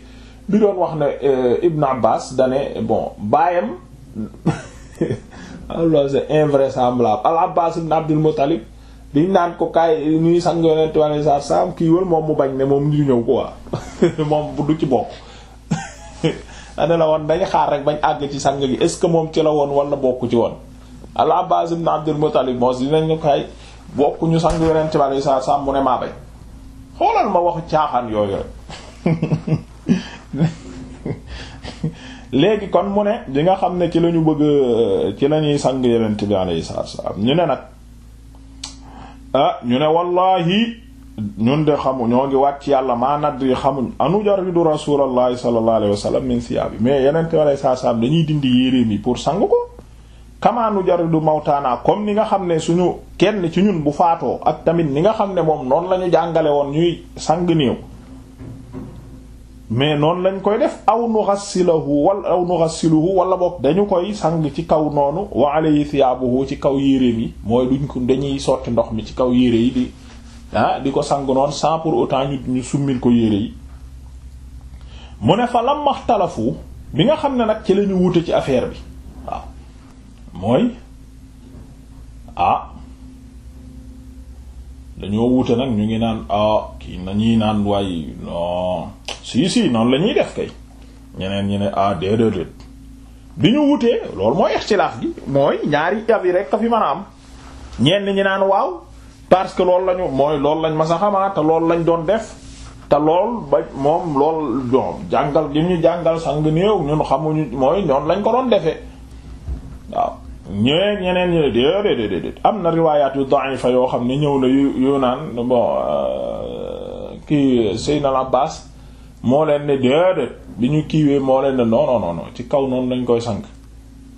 bi doon wax ne euh, Ibn Abbas dane bon baayam alors c'est invraisemblable al Abbas ibn Abdul Muttalib diñ naan ko kaay ñuy sang yonent bi alei satu salaam kii wal moom mu bañ ne moom ñu ñëw ko quoi moom bu du ci bokk dane la woon dañ xaar rek bañ àgg ci sang gi est-ce que moom ci la woon walla bokku ci woon al Abbas ibn Abdul Muttalib moos dinañ ko kay bokk ñu sang yonent bi alei satu salaam mu ne maa bañ xoolal ma wax caaxaan yooyu rek léegi kon mu ne li nga xam ne ci la ñu bëgg ci la ñuy sang yonent bi alayhi salaam ñu ne nag ah ñu ne wallaahi ñun de xamu ñoo ngi wàcc yàlla maa nadri xamuñ anu jaridu rasulallahi sallallahu alayhi wa sallam min siyaabi mais yonent bi alayhi salaam dañuy dindi yéreem yi pour sang ko. kamaanu jaridu mawtaana comme ni nga xam ne suñu kenn ci ñun bu faatoo ak tamit ni nga xam ne moom noonu la ñu jàngale woon ñuy sang néew. mais noonu lañ koy def aw nuxassilahu wala aw nuxassiluhu wala boog dañu koy sang ci kaw noonu wa alayhi thiyaabuhu ci kaw yéreem yi mooy duñ ko dañuy sotti ndox mi ci kaw yére yi di ah, di ko sang noonu sans pour autant ñu ñu summil ko yére yi mu ne fa lam maxtalafu bi nga xam ne nag ci lañu wute ci affaire bi waaw mooy ah, dañoo wuute nag ñu ngi naan ah kii nañuy naan waaye non si si noonu la ñuy def kay ñeneen ñi ne ah déedéet bi ñu wutee loolu mooy ixtilaaf gi mooy ñaari ab yi rek a fi mën a am ñenn ñi naan waaw parce que loolu lañu mooy loolu lañ mas a xamaa te loolu lañ doon def te lool ba moom lool jàngal gi ñu jàngal sang néew ñun xamuñu mooy ñoon lañ ko doon defee waaw ñëwee ñeneen ñu ne déedéet déedéet am na riwaayaat yu da'ifa yoo xam ne ñëw na yu yu naan bon euh, kii Seydina Abbas moo leen ne déedéet bi ñu kiiwee moo leen ne non non ci kaw noonu lañ koy sank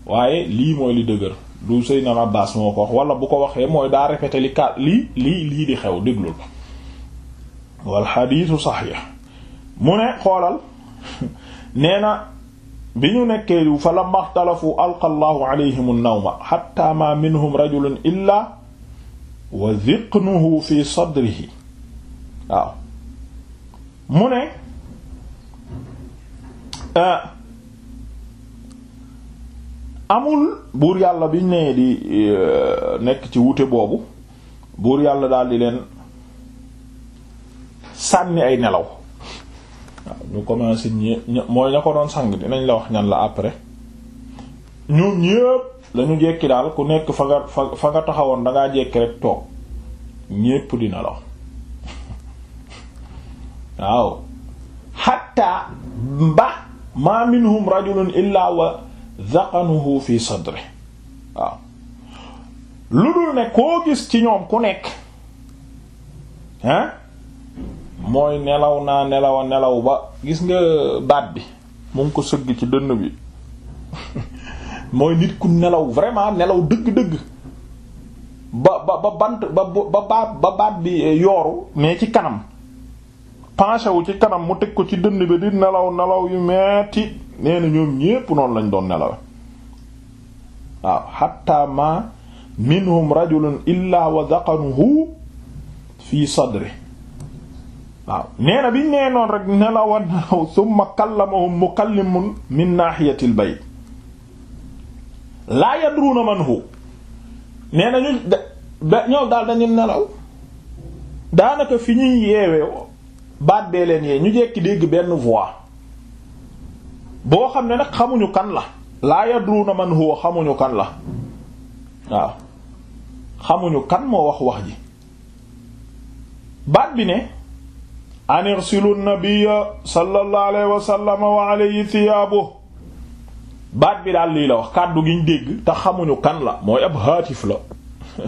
waaye lii mooy li dëgër du Seydina Abbas moo ko wax wala bu ko waxee mooy daa répété li lii lii lii di xew déglul wal xadiisu saxiix mu ne xoolal nee na bi ñu nekkee fa lamma ixtalafu alqa allahu alayhim an-nawma hatta ma minhum rajulun illa fi sadrihi waaw mu ne eh, amul buur yàlla biñ di eh, nekk ci wuute boobu buur yàlla daal di leen sànni ay nelaw waaw ñu commencé ñi mooy ña ko doon sang dinañ la wax ñan la après ñoom ñépp lañu jekki daal ku nekk fa nga fa nga taxawoon dangaa jekki rek toog ñépp dina la waaw xatta mba ma minhum rajulun illa wa zaqanuhu fi sadri waaw lu dul ne koo gis ci ñoom ku nekk hein mooy nelaw naa nelaw a nelaw ba gis nga baat bi mu ngi ko sëgg ci dënn bi mooy nit ku nelaw vraiment nelaw dëgg-dëgg ba ba ba bant ba ba baat bi yooru mais ci kanam penché wu ci kanam mu teg ko ci dënn bi di nelaw nelaw yu metti nee na ñoom ñépp noonu lañ doon nelaw waaw hatta ma minhum rajulun illa wa daqanuhu fi sadri waaw nee na biñ nee noonu rek ne la wan summa kallamahum mukallimun min nahiyatil bayt laa yadruuna man hu nee na ñu da ñoom daal dañu nelaw daanaka fi ñuy yeewee baat bee leen yee ñu jekki dégg benn voix boo xam ne nag xamuñu kan la laa yadruuna man huwa xamuñu kan la waaw xamuñu kan moo wax wax ji baat bi ne an irsilu nabiyya sallallahu wa sallam wa baat bi daal lii la wax kàddu gi dégg te xamuñu kan la mooy ab haatif la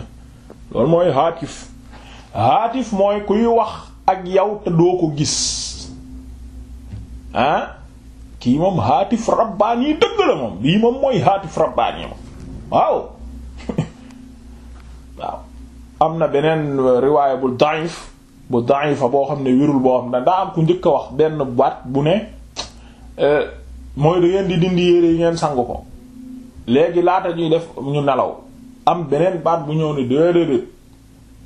loolu mooy haatif haatif mooy kuy wax ak yow te doo ko gis ah kii moom haatif rabbaani dëgg la moom bii moom mooy haatif rabbaani moom waaw waaw am na beneen riwaaya bu bu fa boo xam ne wirul boo xam ne daa am ku njëkk a wax benn baat bu ne euh, mooy da di dindi yére yi ngeen sangu ko léegi laata ñuy def ñu nelaw am beneen baat bu ñëw ne déedéedéet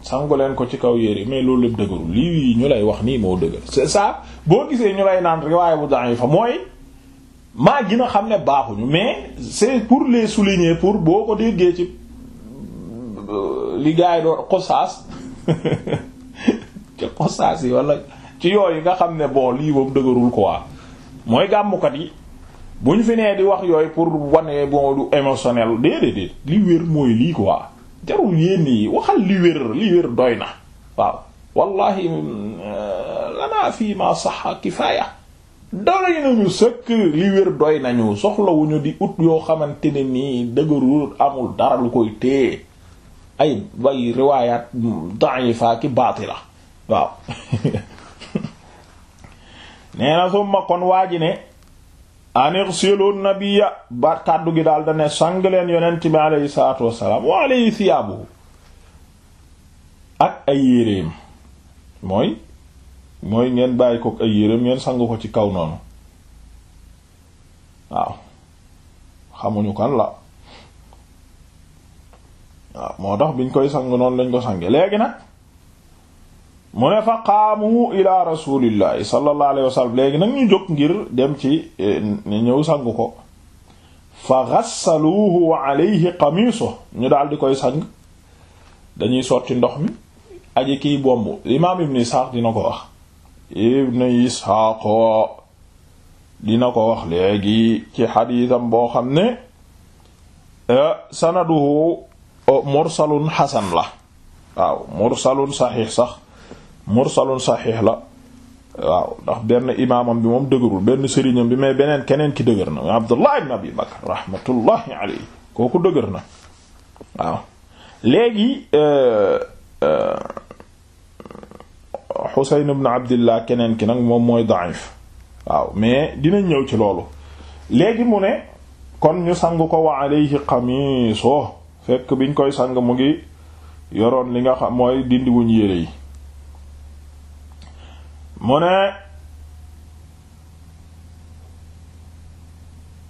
sangu leen ko ci kaw yére mais loolu lépp dëgërul lii ñu lay wax nii moo dëgër c'est ça boo gisee ñu lay naan riwaaya bu fa mooy maa gën a xam ne baaxuñu mais c'est pour les souligner pour boo ko déggee ci euh, li gars yi ci xosaas wala ci yooyu nga xam ne bon lii moom dëgërul quoi mooy gàmmukat yi bu ñu fi nee di wax yooyu pour wane bon lu émotionnel déedéet li wér mooy lii quoi jarul yéen yi waxal li wér li wér doy na waaw wallahi euh, lanaa fii ma sax kifaaya doy nañu sëkk li wér doy nañu soxlawuñu di ut yoo xamante ne nii dëgërul amul dara lu koy téye ay bay riwaayaat da'ifa ki baatila waaw nee na summa kon waa ji ne anirsilu nabiyya ba kàddu gi daal da ne sang leen yonent bi aleyhi salaatu wassalaam wa aleyhi siyaabu ak ay yéreem mooy mooy ngeen bàyyi ko ay yéreem ngeen sang ko ci kaw noonu waaw xamuñu kan la waaw moo tax biñ koy sang noonu lañ ko sange léegi nag mu ne fa qaamu ila rasulillahi sallallahu alayhi léegi nag ñu jóg ngir dem ci eh, ñëw sangu ko fa ghassaluhu wa alayhi qamiisuhu ñu daal di koy sang dañuy sotti ndox mi aji kiy bomb imaam ibn isxaaq dina ko wax ibn isxaaq dina ko wax léegi ci xadiisam boo xam ne eh, sanaduhu eh, mursalun xasan la waaw mursalun saxiix sax mursalun saxiix la waaw ndax benn imaamam bi moom dëgërul benn sëriñam bi mais beneen keneen ki dëgër na Abdullah ibn Abi Bakr rahmatullahi alayhi kooku dëgër na waaw léegi Xuseyn euh, euh, ibn Abdillah keneen ki nag moom mooy da'if waaw mais dina ñëw ci loolu léegi mu ne kon ñu sang ko wa alayhi qamiso fekk biñ koy sang mu ngi yoroon li nga xam mooy dindiwuñ yére yi mu ne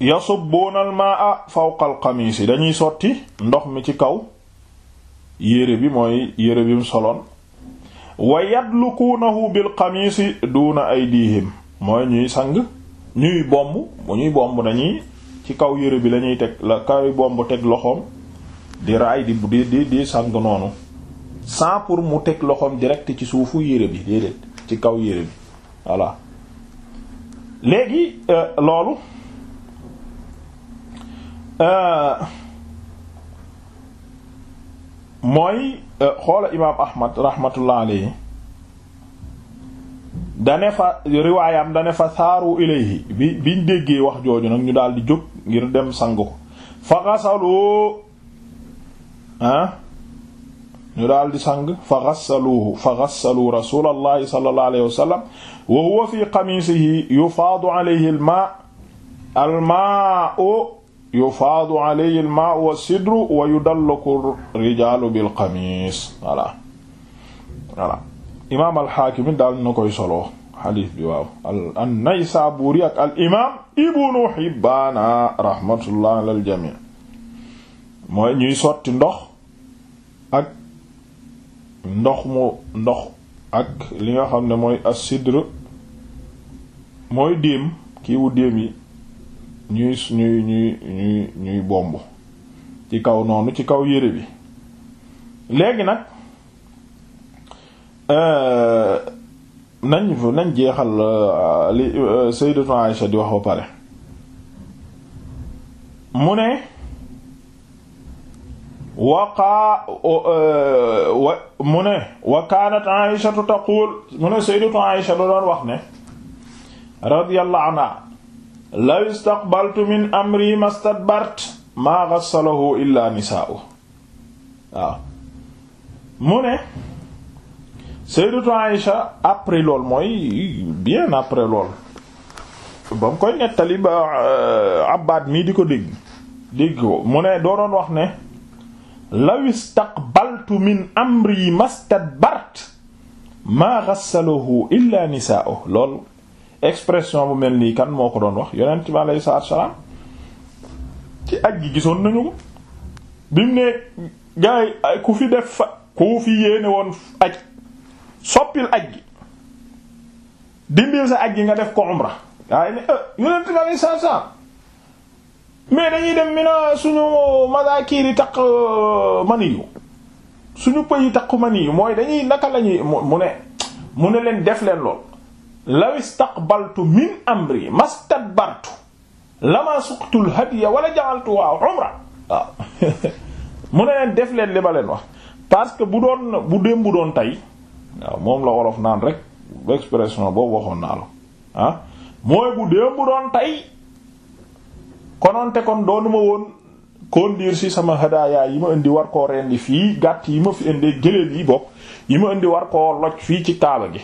yasubbuuna al-maa'a fawqa al-qamiisi dañuy sotti ndox mi ci kaw yére bi mooy yére bi mu soloon wa yadlukuunahu bil-qamiisi ay aydiihim mooy ñuy sang ñuy bomb bu ñuy bomb dañuy ci kaw yére bi lañuy teg la kaw bomb teg loxoom di raay di di sang noonu sans mu teg loxoom direct ci suufu yére bi déedéet ci kaw yére bi voilà léegi euh, loolu euh, mooy euh, xoola imaam ahmad rahmatullah alayhi dane fa riwaayam dane fa saaru ilayhi bi biñ déggee wax jooju nag ñu daal di jóg ngir dem sang ko fa ah, ñu daal di sang fa gassaluuhu fa gassalu rasulallahi sallallahu alayhi wa sallam wa huwa fi qamisihi yufaadu alayhi almaa almaa'u yufaadu alayhi almaa'u wa sidru wa yudallaku rijaalu bil qamis voilà voilà imaam alxaakim daal na koy solo xadiis bi waaw al Naysaabuuri ak al imaam ibnu Hibbaana rahmatullah alal jamii mooy ñuy sotti ndox ak ndox mu ndox ak li nga xam ne mooy asidr mooy déem kiiwu déem yi ñuy ñuy ñuy ñuy ñuy bomb ci kaw noonu ci kaw yére bi léegi nag euh, nañ nañ jeexal euh, li euh, Sayyidatu Aïsha di wax ba pare mu ne waqaa e, mu ne wa kaanat aïshatu taqul mu ne sayyidatu aïsha doon wax ne radiyallahu anha law istaqbaltu min amri mastadbart maa gassalahu illa nisaa'u waaw mu ne sayyidatu aïsha après lool mooy bien après lool ba mu koy nettali ba e, abbaad mii di ko dégg dégg mu ne doo wax ne law istaqbaltu min amri mastadbart maa ghassalahu illa nisaa'uhu lool expression bu mel nii kan moo ko doon wax yonent bi alayhi salaatu salaam ci aj gi gisoon nañu ko bi mu ne gars yi ku fi def ku fi yéene woon aj soppil aj gi dimbil sa aj gi nga def ko umra gars yi ne eh, yonent bi alayhi salaatu salaam mais dañuy dem mi na suñu masakir yi taq euh, maniyu suñu pëy yi taq maniyu mooy dañuy naka lañuy mu ne mu ne leen def leen lool la istaqbaltu min amri mastadbartu lama suqtul hadiya wala ja'altu wa umra waaw mu ne leen def leen li ma leen wax parce que bu doon bu démb bu doon tey waaw moom la wolof naan rek expression boobu waxoon naa la ah, mooy bu démb doon tey konoonte kon doonuma woon conduire si sama hadaaya yi ma indi war koo rendi fii gàtt yi ma fi indi gëléem yi bokk yi ma indi war koo loj fii ci kaaba gi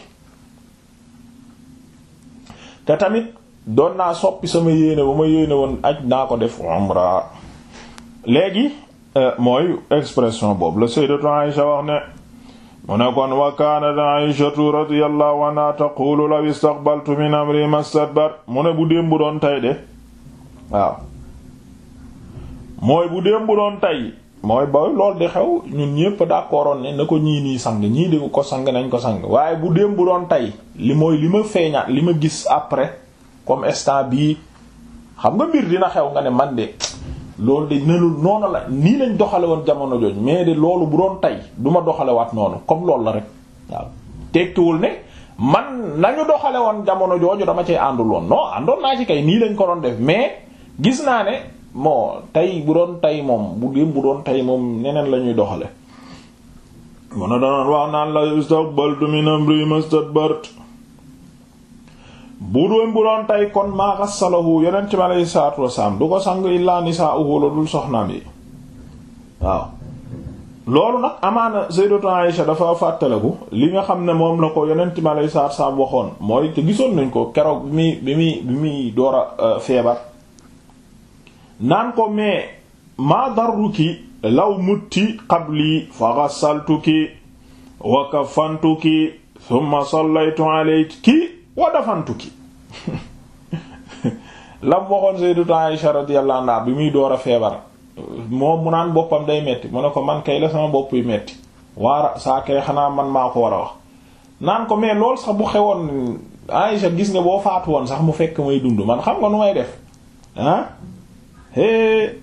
te tamit doon naa soppi sama yéene bu ma yéene woon aj naa ko def umra léegi euh, mooy expression boobu la sayyidatu Aïsha wax ne mu ne kon wa kaanat Aïshatu radiyallahu mu ne bu démb doon tay de waaw mooy bu démb doon tey mooy ba loolu di xew ñun ñépp d'accordoon ne na ko ñii nii sang ñii di ko sang nañ ko sang waaye bu démb doon tey li mooy li ma feeñaat li ma gis après comme instant bii xam nga mbir dina xew nga ne man de loolu de nelu noonu la nii lañ doxale woon jamono jooju mais de loolu bu doon tey duma ma doxalewaat noonu comme loolu la rek waaw tekkiwul ne man nañu doxale woon jamono jooju dama cay àndul woon non àndoon naa ci ka nii lañ ko doon def mais gis naa ne bon tey bu doon tey moom bu bu doon tey moom neneen lañuy doxale mun a doon wax naan la istaqbaltu min amri mastadbart bu doon bu doon tey kon maa xassalahu yonent bi alayhi salaatu wasalaam du ko sang illaa nisaa'uhu la dul soxnaam yi waaw loolu nag amaana sayyidatu Aisha dafa fàttaliku li nga xam ne moom la ko yonent bi alayhi salaatu wasalaam waxoon mooy te gisoon nañ ko keroog bi muy bi muy bi muy door a euh, feebar naan ko mais maa darruki law mutti qabli fa ghassaltuki wa kafantuki thumma sallaytu alayki wa dafantuki lam waxoon sayyidatu Aisha radiyallahu anha bi muy door a feebar moom mu naan boppam day metti mu ne ko man kay la sama bopp yi metti waara saa kay xanaa man maa ko war a wax naan ko mais lool sax bu xewoon Aisha gis nga boo faatu woon sax mu fekk may dund man xam nga nu may def ah hé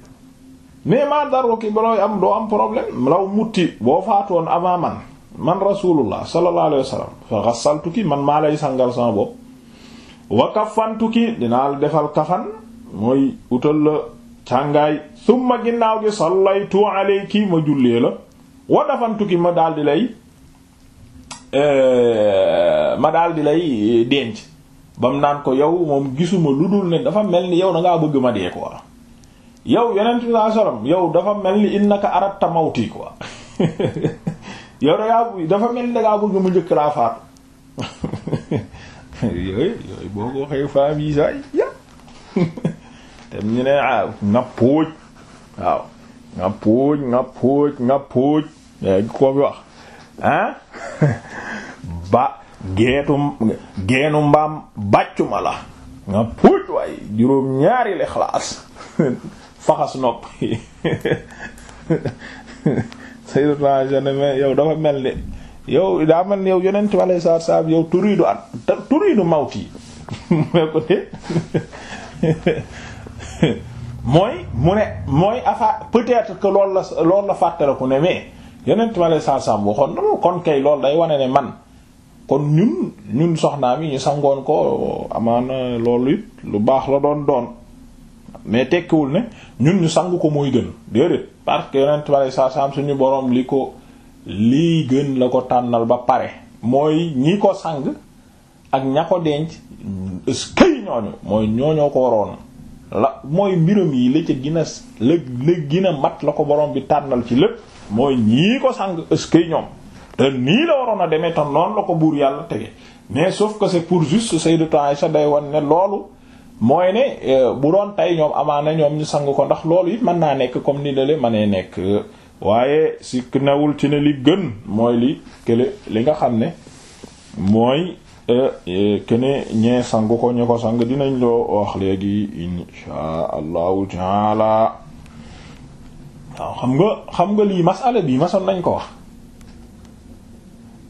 mais maa daro ki balooy am doo am problème law mutti boo faatoon avant man man rasulullah sallallahu alayhi wa sallam fa man maa lay sangal sama bopp wa kafantuki dinaa la defal kafan mooy utal la càngaay summa ginnaaw gi sallaytu alayki ma jullee la wa dafantuki ma daal di lay eh, ma daal di lay denc bam naan ko yow moom gisuma lu dul ne dafa mel ni yow da ngaa bëgg ma dee quoi yow yeneen bi saa sallam yow dafa mel ni innaka aradta mawti quoi yow dangaa dafa mel ni dangaa bëgg mu njëkk laa faatu yooyu yooyu boo ko waxee faam yi saay yëpp tam ñu ne ah nga póoj waaw nga póoj nga póoj nga póoj gi wax ah ba geetu geenu mbaam bàccuma la nga póoj waaye juróom ñaari lexlaas faxas nopp yi Sayyiduna Janama yow dafa mel ni yow daa mel ni yow yonent wala saab saab yow turiidu at turiidu mawti mooy ko de mooy mu ne mooy afa peut-être que la loolu la fàttaliku ne mais yonent wala saab saab waxoon na kon kay loolu day wane ne man kon ñun ñun soxnaa mi ñu sangoon ko amaana loolu it lu baax la doon doon mais tekkiwul ne ñun ñu sangu ko mooy gën déedéet parce que yonent bale saa saam suñu boroom li ko lii gën la ko tànnal ba pare mooy ñii ko sang ak ña ko denc ëskay ñooñu mooy ñooñoo ko waroon la mooy mbiram yi la ci gën a la la gën a mat la ko borom bi tànnal ci lépp mooy ñii ko sang ëskay ñoom te nii la waroon a demee te noonu la ko buur yàlla tege mais sauf que c'est pour juste Sayyidatu Aïcha day wan ne loolu mooy ne euh, bu doon tey ñoom amaana ñoom ñu sang ko ndax loolu it mën naa nekk comme ni dale ne nekk waaye si newul ci ne li gën mooy li kële li nga xam ne mooy kene euh, euh, ñee sang ko ñu ko sang dinañ loo wax léegi insha allahu taala waaw xam nga xam nga lii masala bi masoon nañ ko wax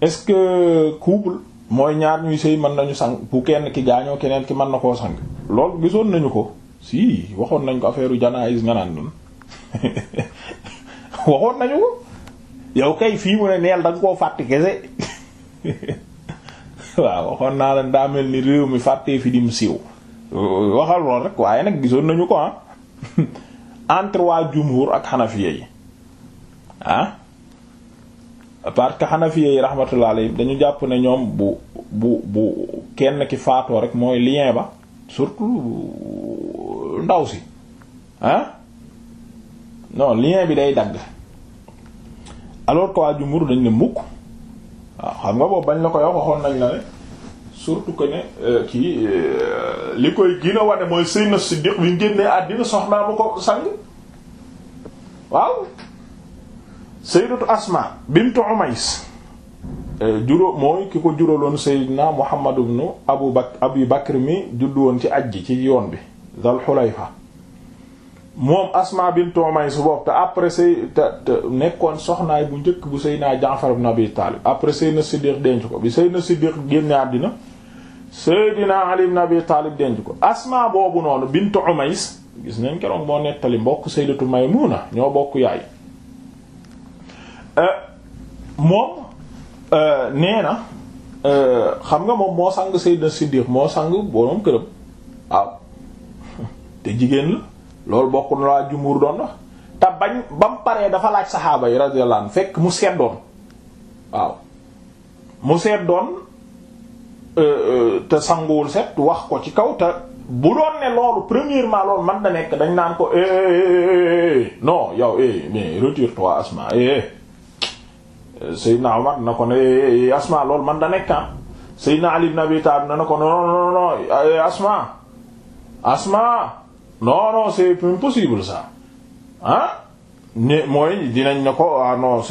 est-ce que couple mooy ñaar ñuy sëy mën nañu sang bu kenn ki gaañoo keneen ki mën na koo sang lool gisoon nañu ko si waxoon nañ ko affaire janaayis nga naan waxoon nañu ko yow kay fii mu ne neel da koo fàtte kese waaw waxoon naa leen daa mel ni réew mi fàttee fi dim siiw waxal lool rek waaye nag gisoon nañu ko ah entre waa jumhur ak xanafiya yi ah parce que xanafiya yi rahmatullah alayhim dañu jàpp ne ñoom bu bu bu kenn ki faatoo rek mooy lien ba surtout ndaw si ah non lien bi day dagg alors que waa jumhur dañ ne mukk waaw xam nga boobu bañ la koy wax waxoon nañ la ne surtout que ne euh, kii euh, li koy gën a wane mooy Seydina Siddiq bi ñu génnee àddina soxnaa ma ko sang waaw sayyidatu asma bintu umays eh, juróom mooy ki ko juróoloon sayyidina muhammad ibn abu bakr abu bakr mi juddu woon ci aj gi ci yoon bi dal xulayfa moom asma bintu umays boobu te après say te nekkoon soxnaay bu njëkk bu sayyidina jaafar ibn abi taalib denc ko bi sayyidina siddiq génne àddina sayyidina ali ibn abi taalib denc ko asma boobu noonu bintu umays gis nañ keroog moo nettali mbokk sayyidatu maymuna ñoo bokk yaay Euh, moom euh, nee na euh, xam nga moom moo sang Seydina Siddiq moo sang boroom këram waaw te jigéen la loolu bokk na waa doon la te bañ ba mu paree dafa laaj saxaaba yi radiyallahu anhu fekk mu doon waaw mu seet seddoon te sanguwul set wax ko ci kaw te bu doon ne loolu premièrement loolu man da nekk dañ naan ko eh, eh, eh, non yow mais retire-toi Asma Seydina Omar na ko ne eh, Asma loolu man da nekk ah Seydina Ali ibn Abi Talib na ko non non non eh, Asma Asma non non c'est impossible ça ah. ne mooy dinañ ne ko ah, ñoom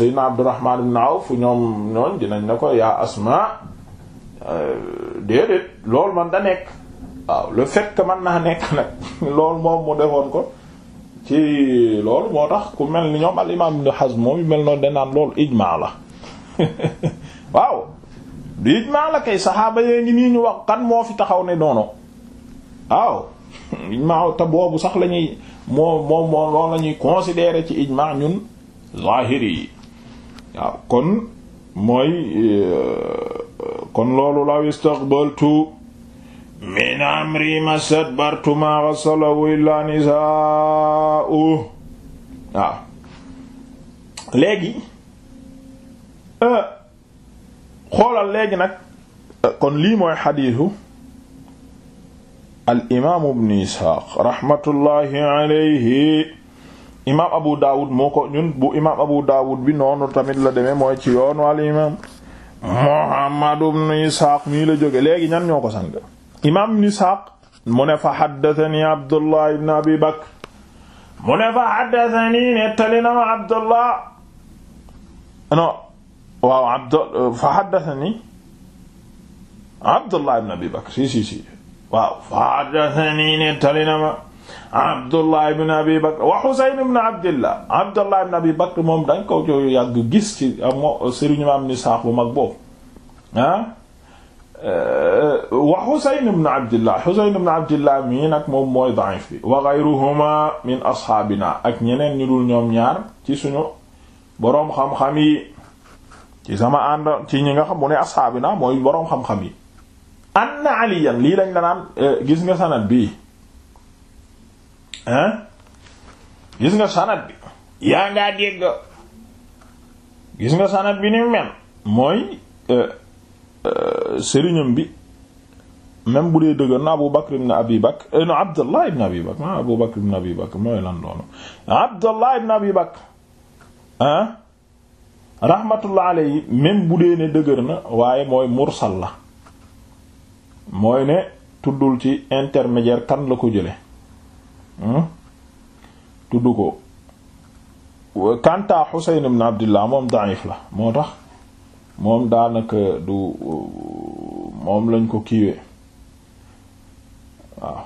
ñooñ dinañ ne ko yaa Asma eh, déedéet loolu man da nekk le fait que mën naa nekk nag loolu moom mu defoon ko. ci loolu moo tax ku mel ni ñoom al imaam Ibn Hazm moom yu mel noonu danaan loolu ijmaa la waaw du ijmaa la kay saxaaba yee ngi nii ñu wax moo fi taxaw ne doono waaw ijmaa te boobu sax lañuy ñuy moo moom moo loolu la ci ijmaa ñun zahiri yi waaw kon mooy euh, kon loolu law istaqbaltu min amri mastakbartu ma ghasalahu illa nisaa'u waaw léegi euh, xoolal léegi nag euh, kon lii mooy xadiisu al imaamu ibnu Isxaaq raxmatullaahi alayhi imaam Abu Daawud moo ko ñun imaam Abu Daawud bi noonu tamit la demee mooy ci yoonu al imaam Muhammad ibnu Isxaaq mii la jóge léegi ñan ñoo ko sang imaam ibn Isxaaq mu ne fa xaddatani Abdullah ibn Abi Bakr mu ne fa xaddatani nettali na ma Abdullah non waaw abd fa xaddatani Abdullah ibn Abi Bakr si si si waaw fa xaddatani nettali na ma Abdullah ibn Abi Bakr wa Husayn ibn Abdillah Abdullah ibn Abi Bakr moom dañ ko yàgg gis ci moo sëriñ imaam ibn Isxaaq bu mag boobu ah Euh, wa Husayn ibn Abdillah Husayn ibn nag moom mooy da'if bi wa min asxaabina ak ñeneen ñu dul ñoom ñaar ci suñu boroom xam-xam yi ci sama ànd ci ñi nga xam mu ne asxaabina mooy boroom xam-xam yi anna aliyan lii lañ la naan euh, gis nga sanad bi hein gis nga sanad bi yaa ngaa dégg gis nga sanad bi ni mel mooy euh, Euh, sëriñam bi même bu dee dëgër na Abu Bakr ibn Abi Bakr na Abdallah ibn Abi Abi Bakr mooy lan doonu Abdallah ibn Abi Bakr ah rahmatullah alayhi même bu dee ne dëgër na waaye mooy mursal la mooy ne tuddul ci intermédiaire kan la ko jële hmm? tudd ko kanta Husayn ibn Abdillah moom da'if la moo tax moom daanaka du moom lañ ko kiiwee waaw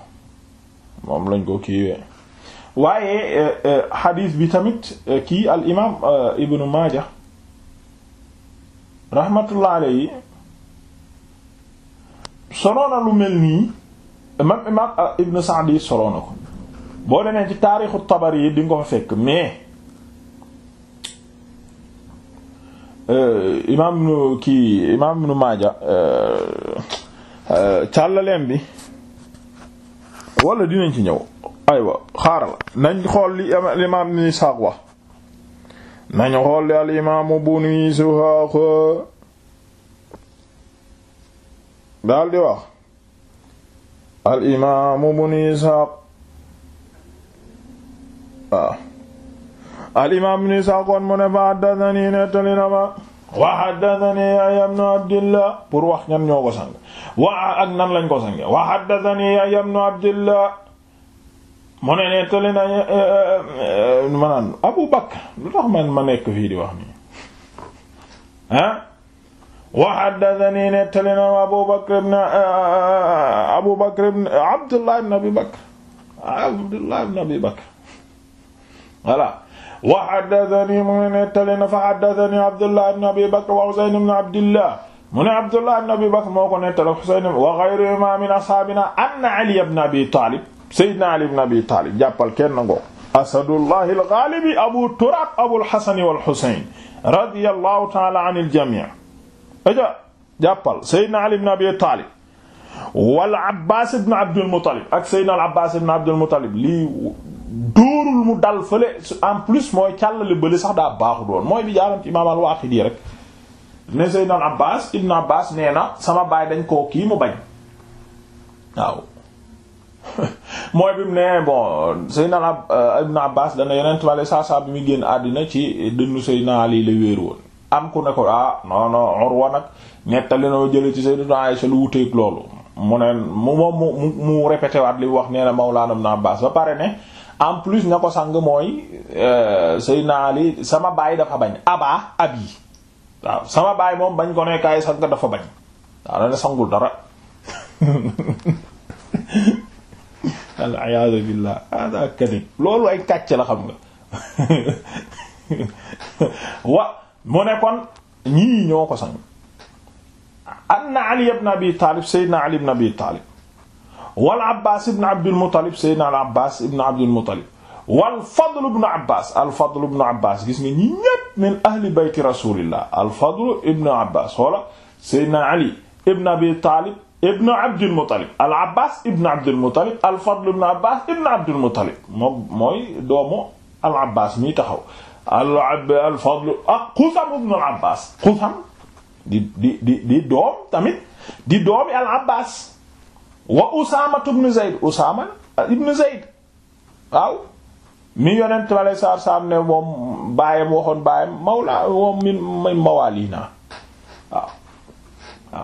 moom lañ ko kiiwee waaye eh, eh, xadiis bi tamit eh, kii al imaam ibnu maaja rahmatullah alayhi soloona lu mel nii imaam imaam ibnu saadi soloona ko boo demee ci taarixu tabari yi di nga ko fekk mais Euh, imaam kii imaam Ibnu Maaja euh, euh, càllaleem bi wala dinañ ci ñëw aywa xaaral nañ xool li al imaam Ibnu Isxaaq wax nañ xool li al imaam Ibnu Isxaaq daal di wax al imaam Ibnu Isxaaq waaw al imaam ibn Isaaq kon mu ne fa nettali na ma wa haddathanii Yahyaa ibn Abdillah pour wax ñan ñoo ko sang wa ak nan lañ ko sange wa haddathanii Yahyaa ibn Abdillah mu ne nettali na eh, eh, eh, ma Abu Bakr lu tax man ma di wax nii ah wa haddathanii nettali na ma Abu Bakr ibn Abu Bakr ibn Abdullah ibn Abi wa haddathani mu ne nettali na fa haddathani Abdullah ibn Abi Bakr wa Husayn ibn Abdillah mu ne Abdullah ibn Abi Bakr moo ko nettali Husayn wa ghayruhumaa min ashaabina anna Ali ibn Abi Taalib Seydina Ali ibn Abi Taalib jàppal kenn ngoo Asadullah al-Ghalib Abu Turab Abul Hasan wal Husayn radiyallahu ta'ala anil jamii' aja jàppal Seydina Ali ibn Abi Taalib wal Abbaas ibn Abdul Muttalib ak Seydina al Abbaas ibn Abdul Muttalib lii lu mu dal fële en plus mooy càllale bële sax daa baaxul woon mooy bi jaaram ci imaam al-Waaqidi rek ne Seydina Abbas Ibn Abbas nee na sama baay dañ koo kii mu bañ waaw mooy bon Seydina euh, Ibn Abbas dana saa bi muy génn àddina ci dënnu Seydina Ali la wéeru woon am ku ne ko ah non non Urwa nag nettali noo jële ci Seydina Aysa lu wuteeg loolu mu ne mu mu mu répété waat li wax nee na Mawlaana Ibn Abbas ba pare ne. en plus ña ko sang mooy euh, Seydina Ali sama baay dafa bañ abaa ab yi waaw sama baay moom bañ ko ne kaay sang dafa bañ waaw dana sangul dara al iyaadu billah hada kadib loolu ay kàcc la xam nga wa mu ne kon ñii ñoo ko sang anna Ali ibn Abi Talib Seydina Ali ibn Abi Talib wal abbas ibn abdul muttalib seydina al abbas ibn abdul muttalib wal fadl ibn abbas al fadl ibn abbas gis nga ñi ñépp min ahli bayti rasulillah al fadl ibn abbas xoola seydina ali ibn abi talib ibn abdul muttalib al abbas ibn abdul muttalib al fadl ibn abbas ibn abdul muttalib moom mooy doomu al abbas mi taxaw al al fadl ak qusam ibn al abbas qusam di di di di doom tamit di doomi al abbas wa Usaama ibn Zayd Usaama ah, ibn Zayd waaw mi yonent ma lay saar moom baayam mawla moom min min mawaalina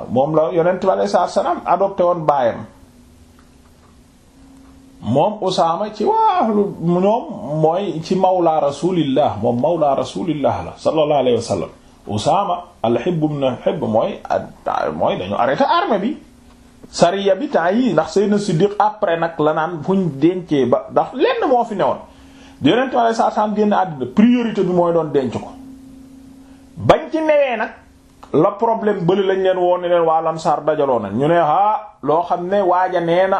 moom la yonent ma lay saar saam adopté woon baayam moom Usaama ci waa lu ñoom mooy ci mawla rasulillah moom mawla rasulillah la sallallahu alayhi wa sallam Usaama al-Hibb ibn Hibb mooy bi sariya bi temps yi ndax Seydina Siddiq après nag la naan fuñ dencee ba ndax lenn moo fi newoon yonent ma lay saa saam génn bi mooy doon denc ko bañ ci newee nag la problème bëli lañ leen woon ne leen waa Lamsar dajaloo nañ ñu ne ah loo xam ne waaja nee na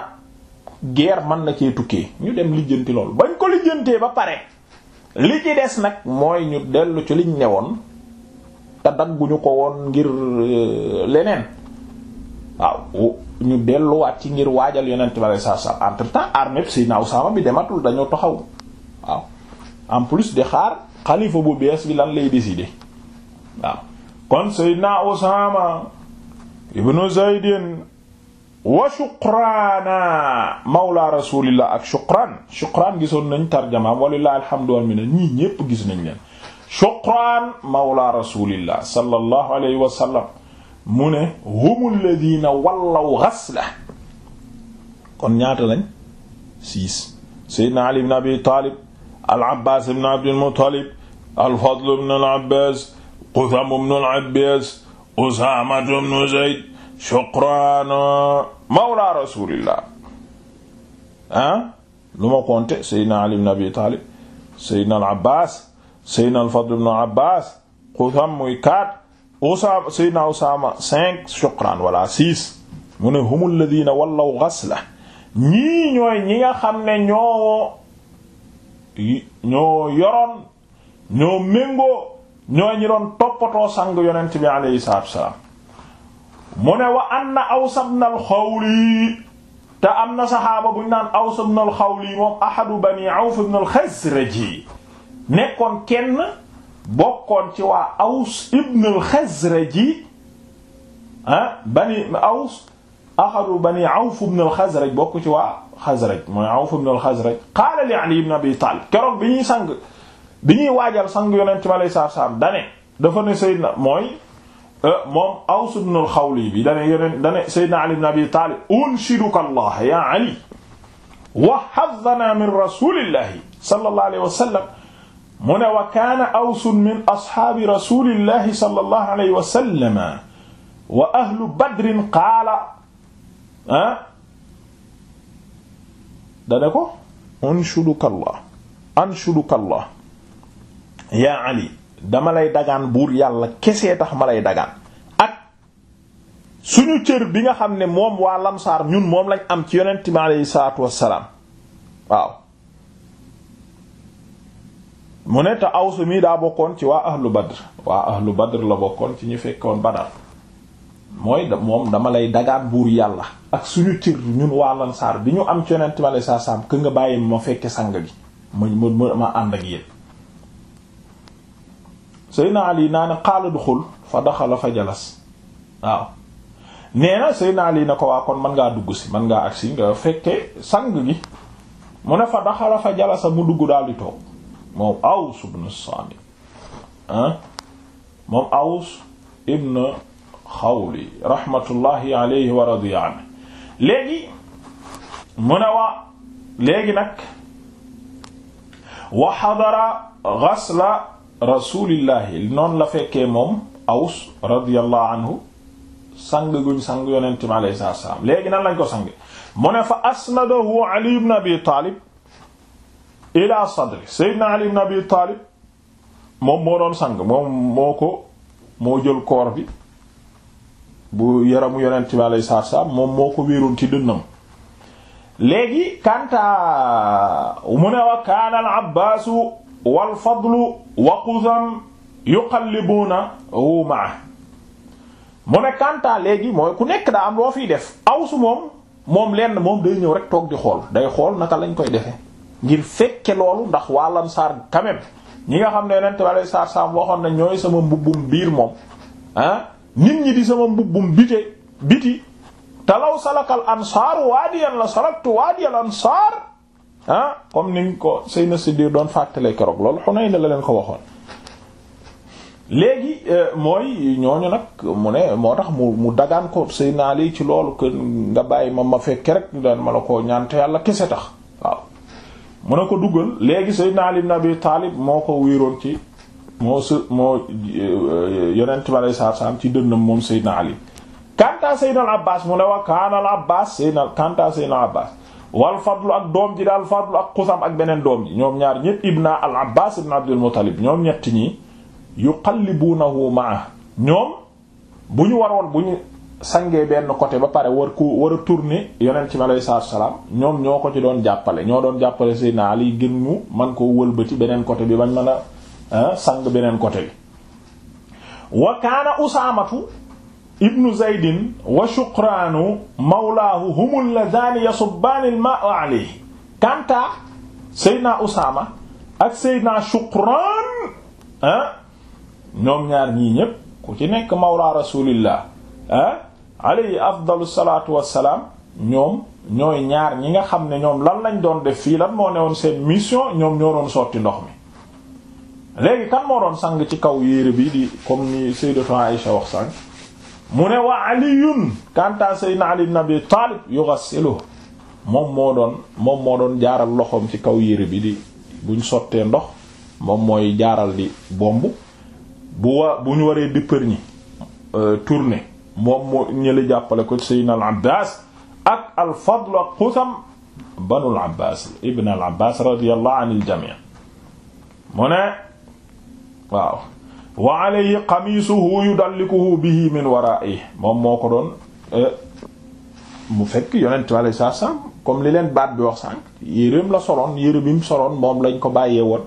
guerre mën na cee tukkee ñu dem lijjanti loolu bañ ko lijjantee ba pare li ci des nag mooy ñu dellu ci liñ newoon te dagguñu ko woon ngir euh, leneen waaw ñu delluwaat ci ngir waajal yonent bi alei satu salam entre temps Seydina Usaama bi dematul dañoo taxaw waaw en plus de xaar xalifa bu bees bi lan lay décider waaw kon Seydina Usaama ibnu Zaydin wa Shuqraana mawla rasulillah ak Shuqraan gisoon nañ tarjamaam walillahi alhamdu wal minna ñii ñépp gis nañ leen Shuqraan mawla rasulillah sallallahu alayhi wa mu ne humul ladina wallaw ghasla kon ñaata lañ six seydna ali ibn abi taalib al abbaas ibn abdul muttalib al fadl ibn al abbaas qutham ibn al abbaas usaama ibn zayd shukraan mawla rasulillah ah lu ma konte seydna ali ibn abi taalib seydna al abbaas seydna al fadl ibn al abbaas qutham muy kaat Usaama Seydina Usaama cinq shukran wala six mu ne humul ladina wallaw ghasla ñii ñooy ñi nga xam ne ñoo ñoo yoroon ñoo méngoo ñooy ñi doon toppatoo sang yonent bi alayhi salaatu wassalaam mu ne wa anna Aws ibn al-Xawli te am na saxaaba buñ naan Aws ibn al-Xawli moom ahadu bani Awf ibn al-Xazraji nekkoon kenn bokkoon ci waa Aws ibn al-Khazraji ah bani Aws axadu bani Awf ibn al-Khazraj bokk ci waa Khazraj mooy Awf ibn al-Khazraj qaala li Ali ibn Abi Talib keroog bi ñuy sang bi ñuy waajal sang yonent mi alayhi salaatu salaam dane dafa ne Seydina mooy euh, moom Aws ibn al-Khawli bi dane yonent dane Seydina Ali ibn Abi Talib unshiduka Allah ya Ali wa hazzana min rasulillahi sallallahu alayhi wa sallam mu wa kaana awsun min asxaabi rasulillahi sallallahu wa sallam wa ahlu badrin qaala ah dane ko anshuduka allah anshuduka allah yaa ali dama lay dagaan buur yàlla kese tax ma lay dagaan ak suñu cër bi nga xam ne moom waa lamsaar ñun moom lañ am ci yonent bi aleyhi salaatu wassalaam waaw mu ne te Aws mi daa bokkoon ci waa lu Badr waa lu Badr la bokkoon ci ñu fekkoon Badar mooy moom dama lay dagaat buur yàlla ak suñu cër ñun waa Ansaar bi ñu am ci Yonent ma lay saa saam kë nga bàyyi ma fekke sang bi ma ma ma ànd ak yéen Seydina naa ne qaala duxul fa daxala fa jalas waaw na ko kon mën ngaa dugg si mën nga fekke sang gi mu ne fa daxala fa mu dugg daal di toog moom Aws ibn Saamit ah moom Aws ibn Xawli rahmatullahi alayhi wa radiya anhu léegi mu ne wa léegi nag wa xadara gasla rasulillahi noonu la fekkee moom Aws radiyallahu anhu sang guñ sang yonent bi alayhi salaam léegi nan lañ ko sang mu ne fa asnadahu Ali ibn Abi Taalib ila sadri Seydina Ali ibn Abi Taalib moom moo doon sang moom moo ko moo jël koor bi bu yaramu yonent bi alayhi salaatu salaam moom moo ko wéeroon ci dënnam léegi kanta mu ne wa kaana al-Abbaasu wal Fadlu wa Qusam yuqallibuuna wu ma mu ne kanta léegi mooy ku nekk daa am loo fiy def Aws moom moom lenn moom day ñëw rek toog di xool day xool naka lañ koy defe ngir fekke loolu ndax waa Ansaar quand ñi nga xam ne yonent bi alayhi salaatu waxoon na ñooy sama mbubbum biir moom ah nit ñi di sama mbubbum bite biti talaw salakal ansaar waadiyan la salaktu waadiyal ansaar ah comme niñ ko Seydina Siddiq doon fàttale keroog loolu la leen ko waxoon léegi euh, mooy ñooñu nag mu ne moo tax mu mu dagaan ko naa Ali ci loolu que nga bàyyi ma ma fekke rek daan ma la ko ñaante yàlla kese tax mu ne ko duggal léegi Seydina Ali ibn Abi Taalib moo ko wéeroon ci moo s moo euh, yonent bi alei ci dënnam moom Seydina Ali kanta Seydina al Abbas mu ne wa kaana al Abbas Seydina kanta Seydina al Abbas wal fadlu ak doom ji daal fadlu ak xusam ak beneen doom ji ñoom ñaar ñëpp ibna al Abbas ibn Abdul Muttalib ñoom ñett ñi yuqallibunahu maa ñoom bu ñu waroon bu ñu sange benn côté ba pare war ku war a tourner yonent ci aleyhi salaatu ñoom ñoo ko ci doon jàppale ñoo doon jàppale Seydina Ali ngir mu man koo wëlbati beneen côté bi bañ mën a sang beneen côté bi wa kaana usaamatu ibnu zaydin wa shuqraanu mawlaahu humul ladaani yasubbaani al-maa'a alayhi kanta Seydina usaama ak Seydina shuqraan ah ñoom ñaar ñii ñépp ku ci nekk mawla rasulillah alayhi afdalu salaatu wassalaam ñoom ñooy ñaar ñi nga xam ne ñoom lan lañ doon def fii lan moo woon seen mission ñoom ñoo doon sotti ndox mi léegi kan moo doon sang ci kaw yére bi di comme ni sayyidatu Aïsha wax sang mu ne wa aliyun kanta sayyidina Ali ibn Abi Talib yughsilu moom moo doon moom moo doon jaaral loxoom ci kaw yére bi di buñ sottee ndox moom mooy jaaral di bomb bu wa bu ñu waree dëppër ñi euh, tourner moom moo ñëli jàppale ko seydna al abbas ak al fadl ak xusam banu al abbas ibn al abbas radiyallahu anil jami' mu ne waaw wa alayhi qamiisuhu yudallikuhu bihi min wara'ihi moom moo ko doon eh, mu fekk yonent bi alei comme li leen baat bi wax sànq yéreem la soloon yére bi soloon moom lañ ko bàyyee woon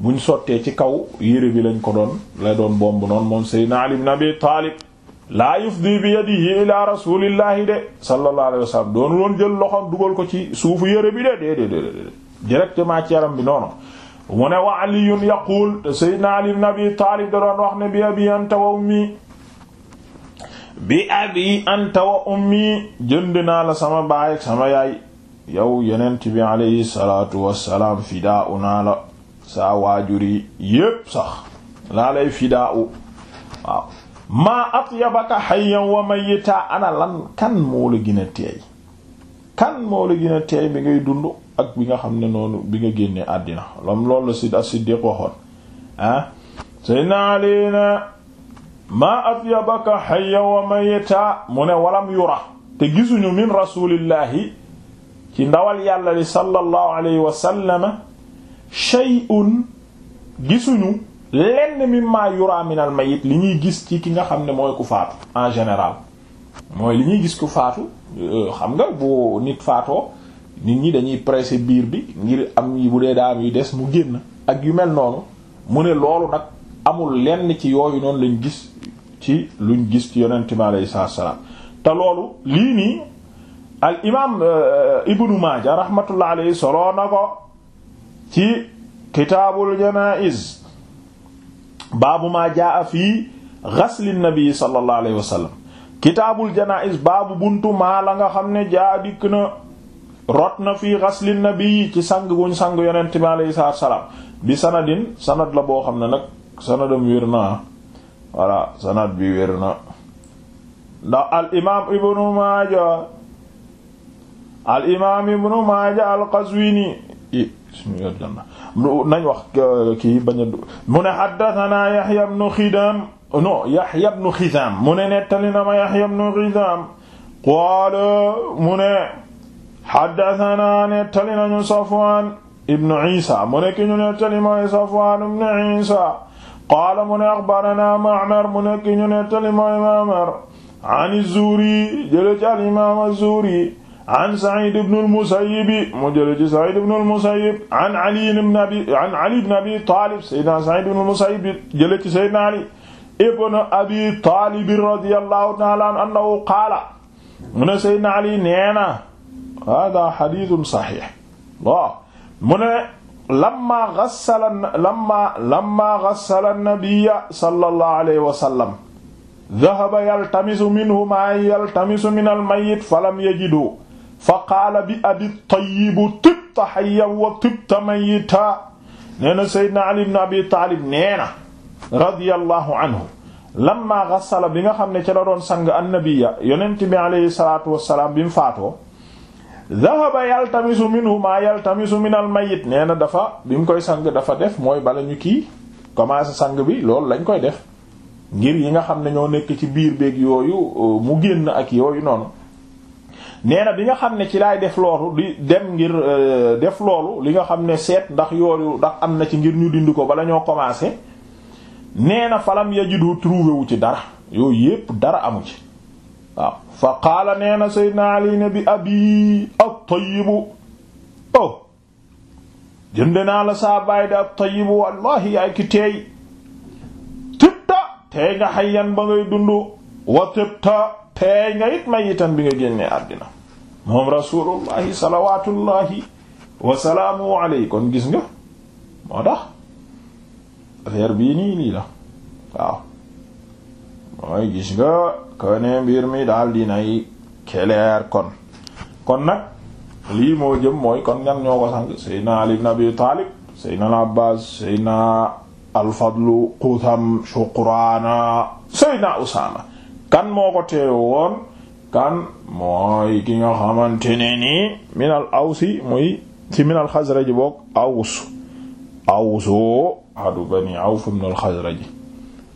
buñ sottee ci kaw yére bi lañ ko doon la doon bomb noonu moom Seydina Ali ibn Abi Taalib laa yufdi bi yadihi ila rasulillahi de sallallahu alayhi wa sallam doonu loon jël loxoom dugal ko ci suufu yére bi de de de de directement ci yaram bi noonu mu ne wa aliyun yaquul te sayyidina ali ibn abi taalib da doon wax ne bi abi anta wa ummi bi abi anta wa ummi jënd naa la sama baay ak sama yaay yow yenent bi alayhi salatu wassalaam fidaa u naa la saa waajur yi yépp sax laa lay fidaa u waaw maa atyabaka hayyan wa mayyita ana lan kan moo la gën teey kan moo la gën teey bi ngay dund ak bi nga xam ne noonu bi nga génnee àddina lam loolu si as-Siddiq waxoon ah sayyidina maa atyabaka hayyan wa mayyita mu ne walam yura te gisuñu min rasulillahi ci ndawal yàlla li sallallahu alayhi wa sallam gisuñu lenn mimma yura minal mayit li ñuy gis ci ki nga xam ne mooy ku faatu en général mooy li ñuy gis ku faatu euh, xam nga bu nit faatoo nit ñi dañuy pressé biir bi ngir am yi bu dee daa am des mu génn ak yu mel noonu mu ne loolu nag amul lenn ci yooyu noonu lañ gis ci luñ gis ci yonent bi alayhi salaam te loolu lii nii al imaam euh, ibnu Maaja rahmatullah alayhi soloo na ko ci kitaabul janaa'iz baabu maa jaa fii xasli nabi sallallahu alayhi kitaabul janaa'iz baabu buntu maa la nga xam ne jaa dikk na rot na fii xasli nabi ci sang guñ sang yonent bi alayhi salaam bi sanadin sanad la boo xam ne nag sanadam wér na voilà sanad bi wér na ndax al imaam ibnu maaja al imaam ibnu maaja al qazwini suñu yoon jot na nañ wax euh, kii bañ a mu ne haddathana Yahya ibn Khidam non Yahya ibn Khizam mu ne nettali na ma Yahya ibn Khizam qaala mu ne haddathana nettali nañu Safwan ibn Isa mu ne ki ñu nettali mooy Safwan ibn Isa qaala mu ne akhbarana Ma'mar mu ne ki ñu nettali mooy Ma'mar an az-Zuhri jële ci al-imam az-Zuhri an Sa'iid ibn al-Musayyib mu jële ci Sa'iid ibn al-Musayyib an Ali ibn Abi an Ali ibn Abi Taalib Seydina Sa'iid ibn al-Musayyib jële ci Seydina Ali ibn Abi Taalib radiyallahu ta'ala anhu annahu qaala mu ne Seydina Ali nee na haaza hadiisun sahiih waaw mu ne lamma ghassala lamma lamma ghassala an-nabiyya sallallahu alayhi wa sallam dhahaba yaltamisu minhu maa yaltamisu min al-mayyit falam yajidu fa qaala bi abi tayibu tibta hayyan wa tibta mayita nee na Seydina Ali ibn Abi Taalib nee na radiyallahu anhu lamma ghassala bi nga xam ne ci la doon sang annabiya yonent bi alayhi salaatu wassalaam bi mu faatoo dhahaba yaltamisu minhu maa yaltamisu min al mayit nee na dafa bi mu koy sang dafa def mooy bala ñu kii commencé sang bi loolu lañ koy def ngir yi nga xam ne ñoo nekk ci biir beeg yooyu uh, mu génn ak yooyu noonu nee na bi nga xam ne ci laay def loolu di dem ngir euh, def loolu li nga xam ne seet ndax yooyu ndax am na ci ngir ñu dindi ko bala ñoo commencé nee na falam du trouvé wu ci dara yooyu yépp dara amu ci waaw fa qaala nee na sayyidina ali ne bi abi at-tayyibu oh jënde naa la saa baay da at-tayyibu wallahi yaay ki teey tibta teey nga xayyan ba ngay dund wa tibta teey nga it mayitan bi nga génnee àddina moom rasulullahi salawatullahi wasalaamu aley gis nga moo tax affaire bii nii lii la waaw mooy gis nga kone mbir mi daal dinay keleer kon kon nag lii moo jëm mooy kon ñan ñoo ko sànq seydna ali ibn abi taalib seydna al abbas alfadlu qutham shuqraana seydna usaama kan moo ko teewoon kan mooy ki nga xamante ne nii minal awsi muy ci minal xasraji boog awus awusu hadu bani awf minal xasraji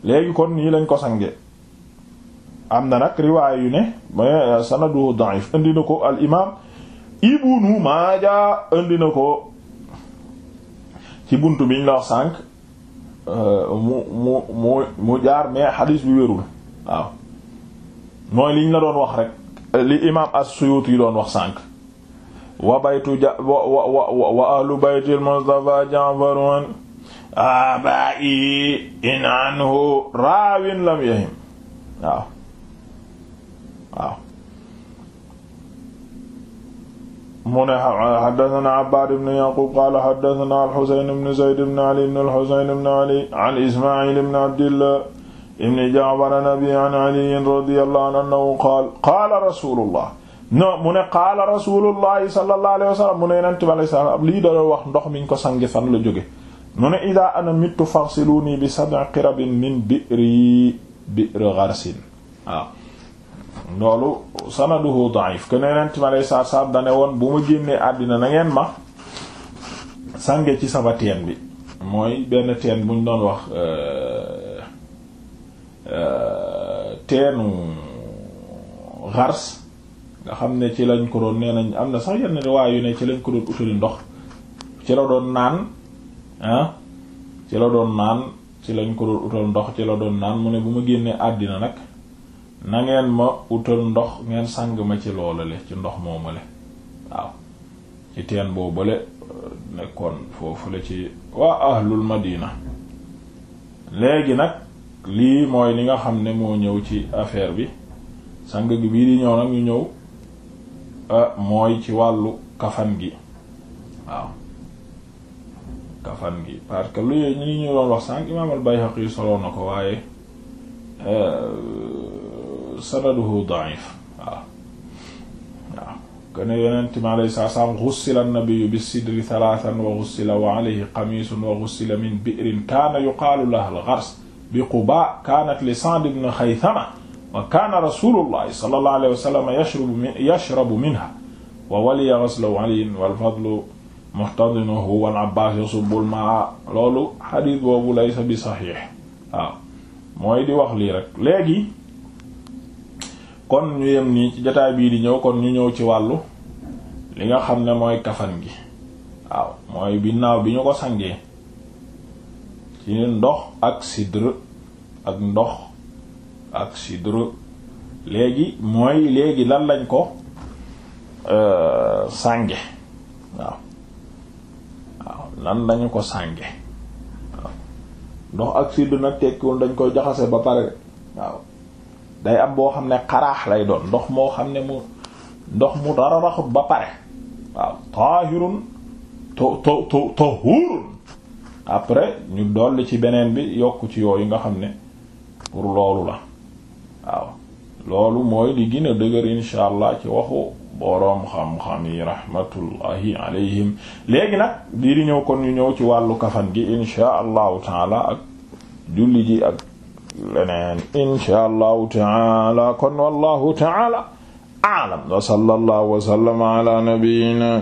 léegi kon ni lañ ko sange am na nag riwaaya yu ne mais sanadu da'if indi na ko al imaam ko ci buntu biñ la wax sànq euh, mu mu mu mu jaar mais xadiis bi wérul waaw mooy liñ la doon wax rek li imaam as-Suyuti doon wax sànq wa baytu ja wa wa wa ahlu baytil Mustafa Ja'farun abai in anhu raawin lam yahim waaw waaw mu ne xaddatana Abbaad ibn Yaquub qaala xaddatana al-Husayn ibn Zayd ibn Ali ibn al-Husayn ibn Ali an Ismaa'il ibn Abdillah ibni Ja'far an Abi an Ali radiyallahu anhu annahu qaala qaala rasulullah non mu ne qaala rasulullahi sallallahu alayhi wa sallam mu ne yonente bi alayhi lii da wax ndox miñ ko sangi fan la jóge mu ne idaa ana mittu farsiluni bi sab'i qirabin min bi'ri bi'r gharsin waaw loolu sanaduhu da'if que ne dane woon bu ma génnee àddina na ngeen ma sange ci sama teen bi mooy benn teen buñ doon wax euh, Euh, teenu xars nga xam ne ci lañ ko doon nee nañ am na sax yenn riwaay yu ne ci lañ ko doon utali ndox ci la doon naan ah ci la doon naan ci lañ ko doon utal ndox ci la doon naan mu ne bu ma génnee àddina nag nangeen ma utal ndox ngeen sang ma ci loolale ci ndox moomale waaw ci teen boo boobale euh, nekkoon foofu la ci waa ahlul madina léegi nag lii mooy li nga xam ne moo ñëw ci affaire bi sang gi bii di ñëw nag ñu ñëw ah, mooy ci wàllu kafan gi waaw kafan gi parce que lu ñu ñu doon wax sang imaam al-Bayhaqi soloo na ko waaye euh, sanaduhu da'if waaw waaw kene yonent mi alayhi salaam ghussila an-nabiyyu bis-sidri thalathan wa ghussila wa alayhi qamisun wa ghussila min bi'rin kaana yuqaalu laha al-ghars bi Quba kaanat li Sa'd ibn Khaythama wa kaana rasuulullahi sallallahu alayhi wa sallam yashrabu min yashrabu wa waliya ghaslu Ali wal fadlu muhtadinuhu wal Abbaas yasubbul maa loolu xadiis boobu laysa bi saxiix waaw mooy di wax lii rek léegi kon ñu yem nii ci jotaay bii di ñëw kon ñu ñëw ci wàllu li nga xam ne mooy kafan gi waaw mooy binnaaw bi ñu ko sangee ci ndox ak sidr ak ndox ak sidr léegi mooy léegi lan lañ ko euh, sànge waaw waaw lan lañu ko sànge ndox ak sidr nag tekkiwul dañ koy jaxase ba pare waaw day am boo xam ne xaraax lay doon ndox moo xam ne mu ndox mu dara ba pare waaw taahirun to to to tahurun après ñu dolli ci beneen bi yokk ci yooyu nga xam ne pour loolu la waaw loolu mooy li gën a dëgër insha allah ci waxu boroom xam-xam yi rahmatullahi alayhim léegi nag ñëw kon ñu ñëw ci wàllu kafan gi insha allahu taala ak julli ji ak leneen insha allahu taala kon wallahu taala a'lam wa sallallahu wa ala nabiyyina